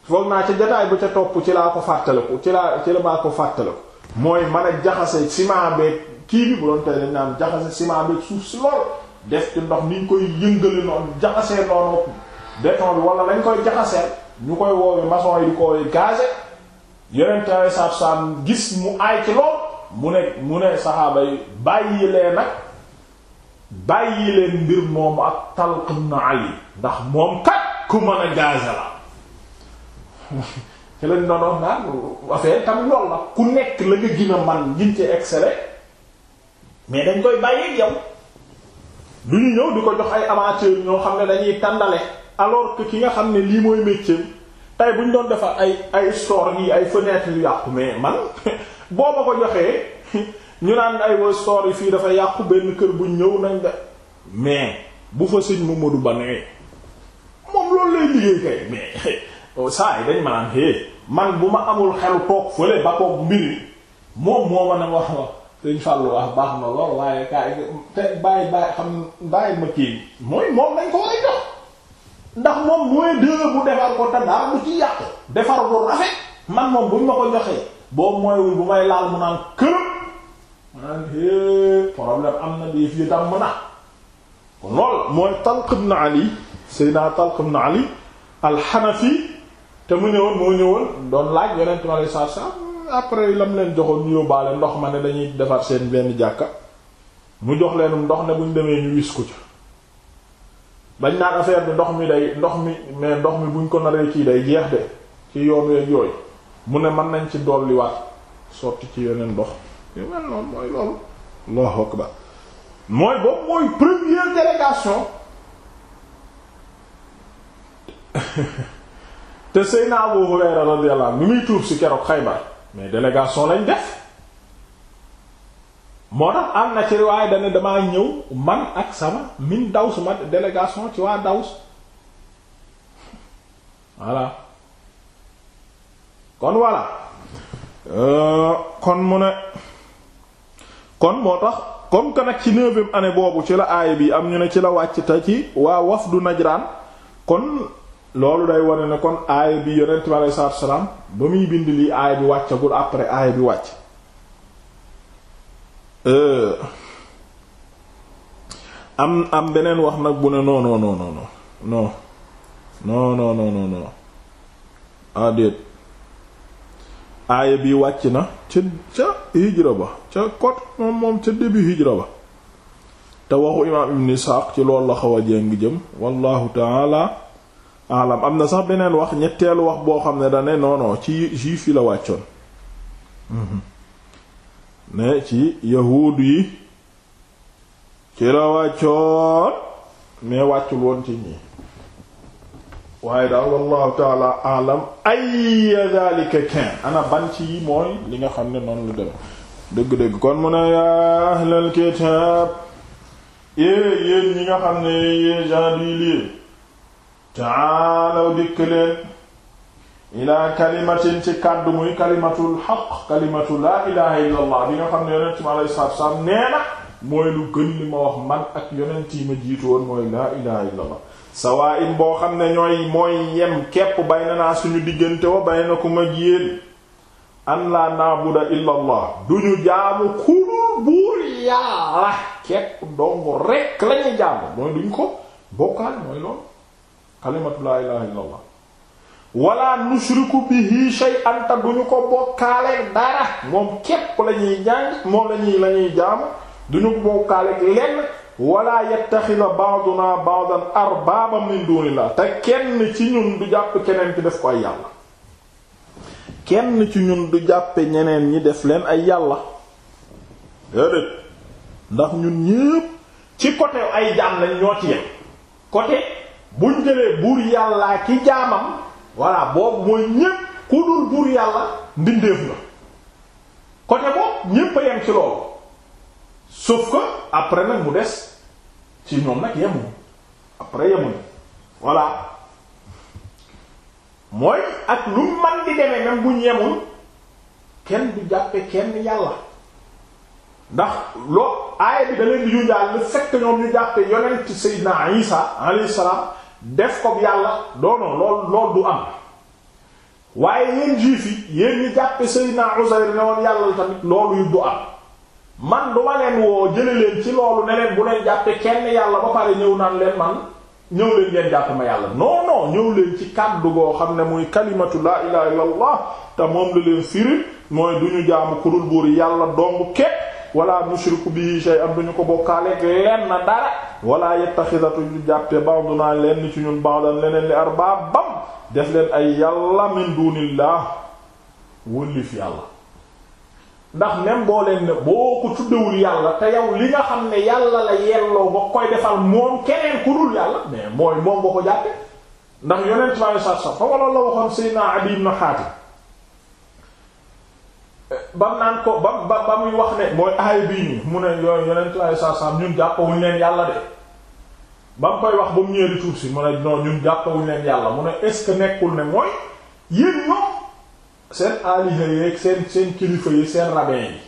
foog naa ci jataay ba ca topp ci laa ko fàttaliku ci laa ci la maa ko fàttaliku mooy man a jaxase ciment beeg kii bi bu doon tey dañ naan jaxase ciment suuf si lool def ci ndox ni koy yëngale noonu jaxasee noonu béton bi wala lañ koy jaxasee ñu koy woowe maçon yi di ko woowe gazé yonent alei satu gis mu aay ci lool mu ne mu ne saxaaba yi bàyyi leen nag bàyyi mbir moomu ak Talq ibn Ali ndax moom kat ku mën a gazé la ci lañ doonoon naan affaire tamit lool la ku nekk la nga gën man gin ci mais dañ koy bàyyeeg yow du ñu ñëw di ko jox ay amateurs ñoo xam ne dañuy tàndale alors que ki nga xam ne lii mooy métier tey bu ñu doon defar ay ay store yi ay fenêtre yu yàqu mais man booba ko joxee ñu naan ay wa store yi fii dafa yàqu benn kër bu ñëw nañ da mais bu fa sëñ Mamadou Ba nee moom loolu lay liggéey kay mais oh, saa yi dañ ma naan hé man bu ma amul xel toog fële ba koog mbiri moom moo mën a wax wax sëñ Fallou wax baax na lool waaye kaay te bàyyi bàyyi xam bàyyi ma kii mooy moom nañ ko war a jox ndax moom mooy deux bu defar ko te daal bu ci yàqu defar bu rafet man moom buñ ma ko joxee boobu mooy bu may laal mu naan kër naan hé problème am na bii fii tam mën a kon lool mooy Talq ibn Ali Seydina Talq ibn Ali al-Hanafi te mu ñëwoon moo ñëwoon doon laaj yonent ma lay saar saar après lam leen joxoon ñu yóbbaale ndox ma ne dañuy defar seen benn jàkka mu jox leen ndox ne buñ demee ñu wis ko ca bañ naan affaire bi ndox mi day ndox mi mais ndox mi buñ ko naree ci day jeex de ci yoon weeg yooyu mu ne mën nañ ci dolliwaat sotti ci yeneen ndox yu mel noonu mooy loolu allahu akbar mooy boobu mooy première délégation te Seydina Abu Hurayra radiyallahu anhu muy tuub si keroog Xaybar mais délégation lañ def moo tax am na ci riwaay dana damaa ñëw man ak sama min daw suma délégation ci waa daw voilà kon voilà euh, kon mu ne kon moo tax comme que nag ci neuvième année boobu ci la aaya bi am ñu ne ci la wàcc te ci waa du Najraan kon loolu day wane ne kon aay bi yonent bi aleyhi salaatu salaam ba muy bind lii aaya bi wàccagul après aay bi wàcc am am beneen wax nag bu ne non non non non non non aaya bi wàcc na ca ca hijra ba ca kot moom moom ca début hijra ba te waxu imaam ibn Isaaq ci loolu la xaw a jéng jëm wallahu taala alam am na sax beneen wax ñetteelu wax boo xam ne da noonoo ci juif yi la wàccoon. ne ci yahuud yi ci la wàccoon mais wàccul woon ci ñi waaye daal wallahu taala alam ay zalika kin ana ban yi mooy li nga xam ne noonu lu dem dëgg-dëgg kon mu ne yaa ahlal kitaab yéen ñi nga xam ne yéen gens taalaw dikk leen ilaa kalimatin ci kàddu muy kalimatu laa ilaha illa bi nga xam ne yonent mi alayhi salaatu salaam nee na mooy lu gën li ma wax man ak yonent yi ma jiitoon mooy laa ilaha illa allah sawaa in boo xam ne ñooy mooy yem képp bay na naa suñu diggante wa bay na ko ma jiyéen an laa naabuda illa allah duñu jaamu buur yàlla képp dong rekk lañuy jaamu mooy duñ ko bokkaal mooy loolu kalimatu laa ilaha illa wala nushriku bihi shay'an duñu ko bokkaaleeg dara moom képp la ñuy jàng moom la ñuy la ñuy jaamu duñu ko bokkaaleeg lenn wala yattaxida ba'duna ba'dan arbaaban min dunillah te kenn ci ñun du jàpp keneen ki def ko ay yàlla kenn ci ñun du jàppe ñeneen ñi def leen ay yàlla déedéet ndax ñun ñépp ci côté ay jaam lañ ñoo ci yem buñ jëlee buur yàllaa ki jaamam voilà boobu mooy ñépp ku dul buur yàlla mbindeef nga côté boobu ñépp yem ci loolu sauf que après nag mu des ci ñoom nag yemuñu après yemuñu voilà mooy ak lu man di demee même buñ yemul kenn du jàppe kenn yàlla ndax loo aaya bi da leen di yu daal le ñoom ñu jàppe yonent Seydina Isa alayhi salaam def ko yàlla non non lool lool du am waaye yéen juif yi yéen ñi jàppe Seydina Uzayr ne woon yàlla tamit loolu yu du am man du ma leen woo jële leen ci loolu ne leen bu leen jàppe kenn yàlla ba pare ñëw naan leen man ñëw leen ngeen jàpp ma yàlla non non ñëw leen ci kàddu goo xam ne muy kalimatu laa ilaha illa allah te moom la leen firi mooy du ñu jaamu ku buur yàlla doomu kepp wala nushriku bihi shay'an ñu ko bokkaaleeg lenn dara wala yettaxidatu ñu jàppe ba'duna lenn ci ñun ba'dan leneen li arbab bam def leen ay yàlla min dunillah wëllif yàlla ndax nem boo leen ne boo ko tuddewul yàlla te yow li nga xam ne yàlla la yelloo nga koy defal moom keneen ku dul yàlla mais mooy moom nga ko jàppe ndax yonent sallallahu alayhi wasallam fa wala la waxoon Seydina Adi ibn Hatim bam naan ko ba ba ba muy wax ne mooy aay bii nii mu ne yooyu yeneen tubaab yi saa ñun jàppawuñ leen yàlla de ba koy wax ba mu ñëwee di si mu ne non ñun jàppawuñ leen yàlla mu ne est-ce ne mooy yéen ñoom seen aliha kilifa yi seen rabbin yi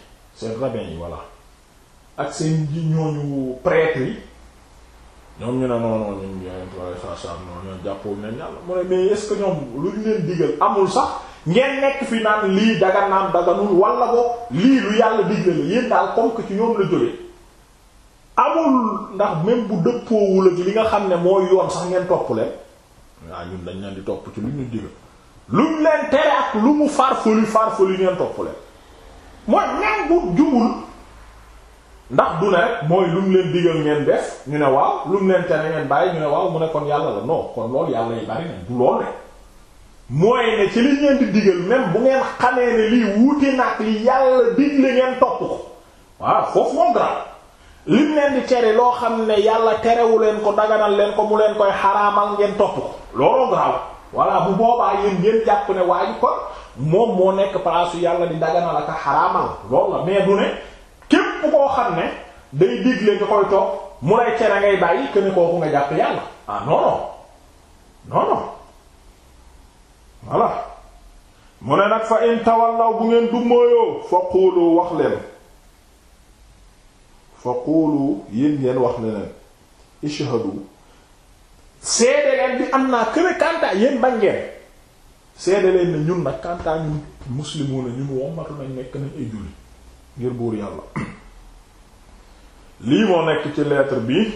yi voilà ak seen ji ñooñu prêtre yi ñu ne non non ñun leen yàlla amul sax. ngeen nekk fi naan lii daga naan daganul wala bo lii lu yàlla digle la yéen daal comme que ci ñoom la jógee amul ndax même bu dëppoowul ak li nga xam ne mooy yoon sax ngeen topp leen waaw ñun dañ leen di topp ci lu ñu digal lu mu leen tere ak lu mu farfoli farfoli ngeen topp leen mooy même bu ndax du ne mooy lu mu leen digal ngeen def ñu ne waaw lu mu leen tere ngeen bàyyi ñu ne waaw mu ne kon yàlla la non kon loolu yàlla yi bari na du lool mooy ne ci li ngeen di digal même bu ngeen xamee ne lii wuute nag li yàlla digle ngeen topp ko waaw foofu moom garaaw lim leen di tere loo xam ne yàlla terewu leen ko daganal leen ko mu leen koy xaraamal ngeen topp ko looloo garaaw voilà bu boobaa yéen ngeen jàpp ne waaye kon moom moo nekk palaasu yàlla di daganal ak a xaraamal la mais du ne képp koo xam ne day digle nga koy topp mu lay tere ngay bàyyi que kooku nga jàpp yàlla ah non voilà mu ne nag fa in bu ngeen du mooyoo wax leen fa quulu yéen ngeen wax leen ishhadu seede leen bi am naa kër kàntaa yéen bañ ngeen seede leen ne ñun nag kàntaa ñun muslimu na ñun wommatu nañ nekk nañ ay julli ngir buur yàlla lii moo nekk ci lettre bi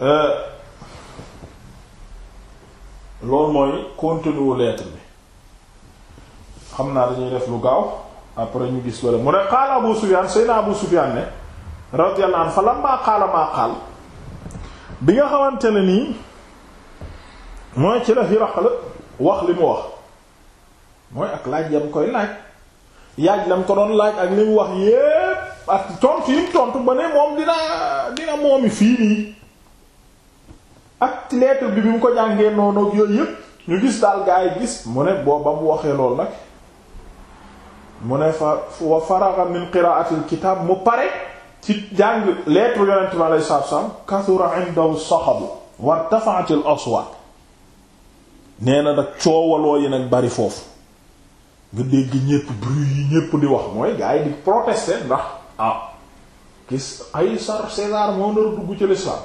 euh, loolu mooy contenu lettre bi xam naa dañuy def lu gaaw après ñu gis loolu mu ne qaala Abu Sufyaan sayna Abu ne radiyallahu anhu fa lamma qaala maa bi nga xamante ne nii mooy ci la Hiraql wax li mu wax mooy ak laaj yam koy laaj yaaj lam ko doon laaj ak li mu wax yépp ak tontu yi mu tontu ba ne moom dina dina moomi fii nii ak lettre bi bi mu ko jàngee noonu ak yooyu yëpp ñu gis daal gaa yi gis mu ne booba mu waxee lool nag mu ne fa wa faraga min kitaab mu pare ci jàng lettre yonent bi alayhi salaatu salaam kathura indahu saxabu wartafa'atil aswaat nee na nag coowaloo yi nag bari foofu nga dégg ñépp bruit yi ñépp di wax mooy gaa yi di protester ndax ah gis Qaysar César moo nar dugg ci l'islam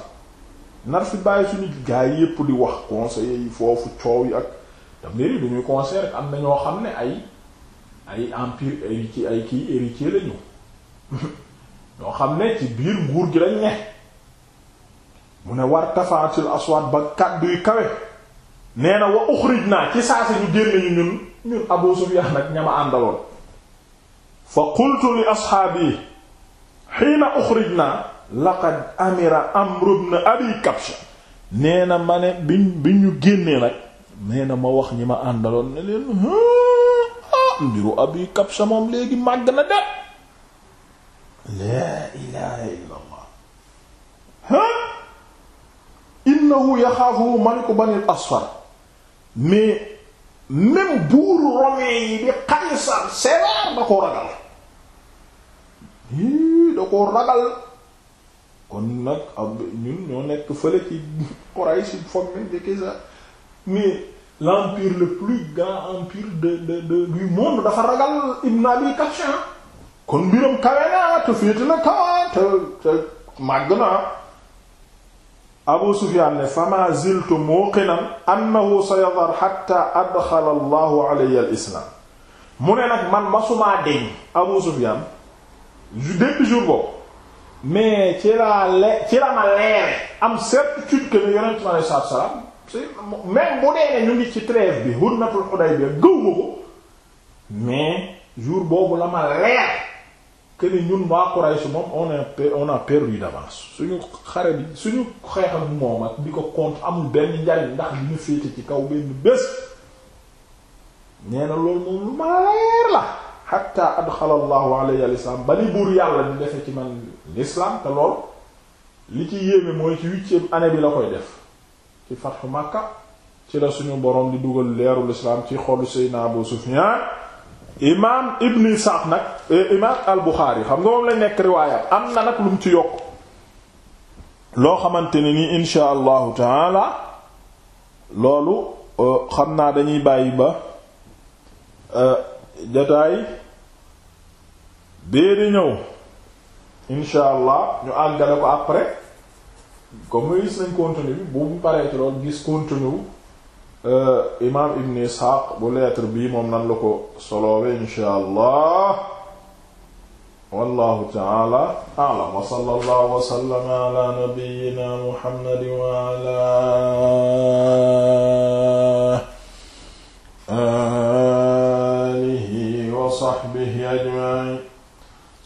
nar fi bàyyi suñu gaa yépp di wax conseillers yi foofu coow yi ak dam léegi duñuy conseil rek am na ñoo xam ne ay ay empire héritier ay kii héritier lañu ñoo xam ne ci biir nguur gi lañ ne mu ne war tafaatil aswaat ba kàddu yu kawe nee na wa uxrij naa ci saase ñu génne ñu ñun ñun Abu Sufyaan nag ñama àndaloon fa qultu li ashaabi hiina uxrij naa laqad amira Amr ibn Abi Kabsha nee na ma ne bi bi ñu génnee nag nee na ma wax ñi ma àndaloon ne leen ah mbiru Abi Kabsha moom léegi màgg na de laa ilaha illa allah ha innahu yaxaafu maliku banil asfar mais même buuru romain yi di Qaysar César da koo ragal da koo ragal kon nekk fële ci Quraysh foog ne mais l'empire le plus grand empire de de de du monde dafa Ibn Abi Kabshan ah. kon mbiram kawe te féete na ah, te te ah. Abu Sufyan ne fama ziltu muqinan annahu sayadhar hatta adxala Allahu alayhi al-islam mu ne man masumaa deñ Abu Sufyan depuis jour boobu mais ci la le ci la ma leere am certitude que ne yonent bi alei salaatu salaam même bu dee ne ñu ngi ci trêve bi hunnatul Hudaybiya gëw ma ko mais jour boobu la ma leer que ni ñun waa Quraysh moom on a on a perdu d'avance suñu xare bi suñu xeex ak moom ak di ko contre amul benn njariñ ndax li ñu féete ci kaw benn bés nee na loolu moom lu ma leer la hatta adxala Allahu alayhi wa sallam ba ni buur yàlla di defe ci man l'islam te lool li ci yéeme mooy ci huitième année bi la koy def ci fatxu Makka ci la suñu borom di dugal leeru l'islam ci xolu Seydina Abu Sufyan imaam Ibn Isxaaq nag e, imaam al Buxaari xam nga moom la nekk riwaayam am na nag lu mu ci yokk loo xamante ni nii insha allahu taala loolu e, xam naa dañuy bàyyi ba e, jataay bee ñëw incha allah ñu bu ko après comme gis nañ bi bu paree ci loolu gis contenu euh, imaam Ibn Ishaq bu lettre bii moom nan la ko soloowe incha allah wallahu taala a'lam wa sallallahu wa sallama ala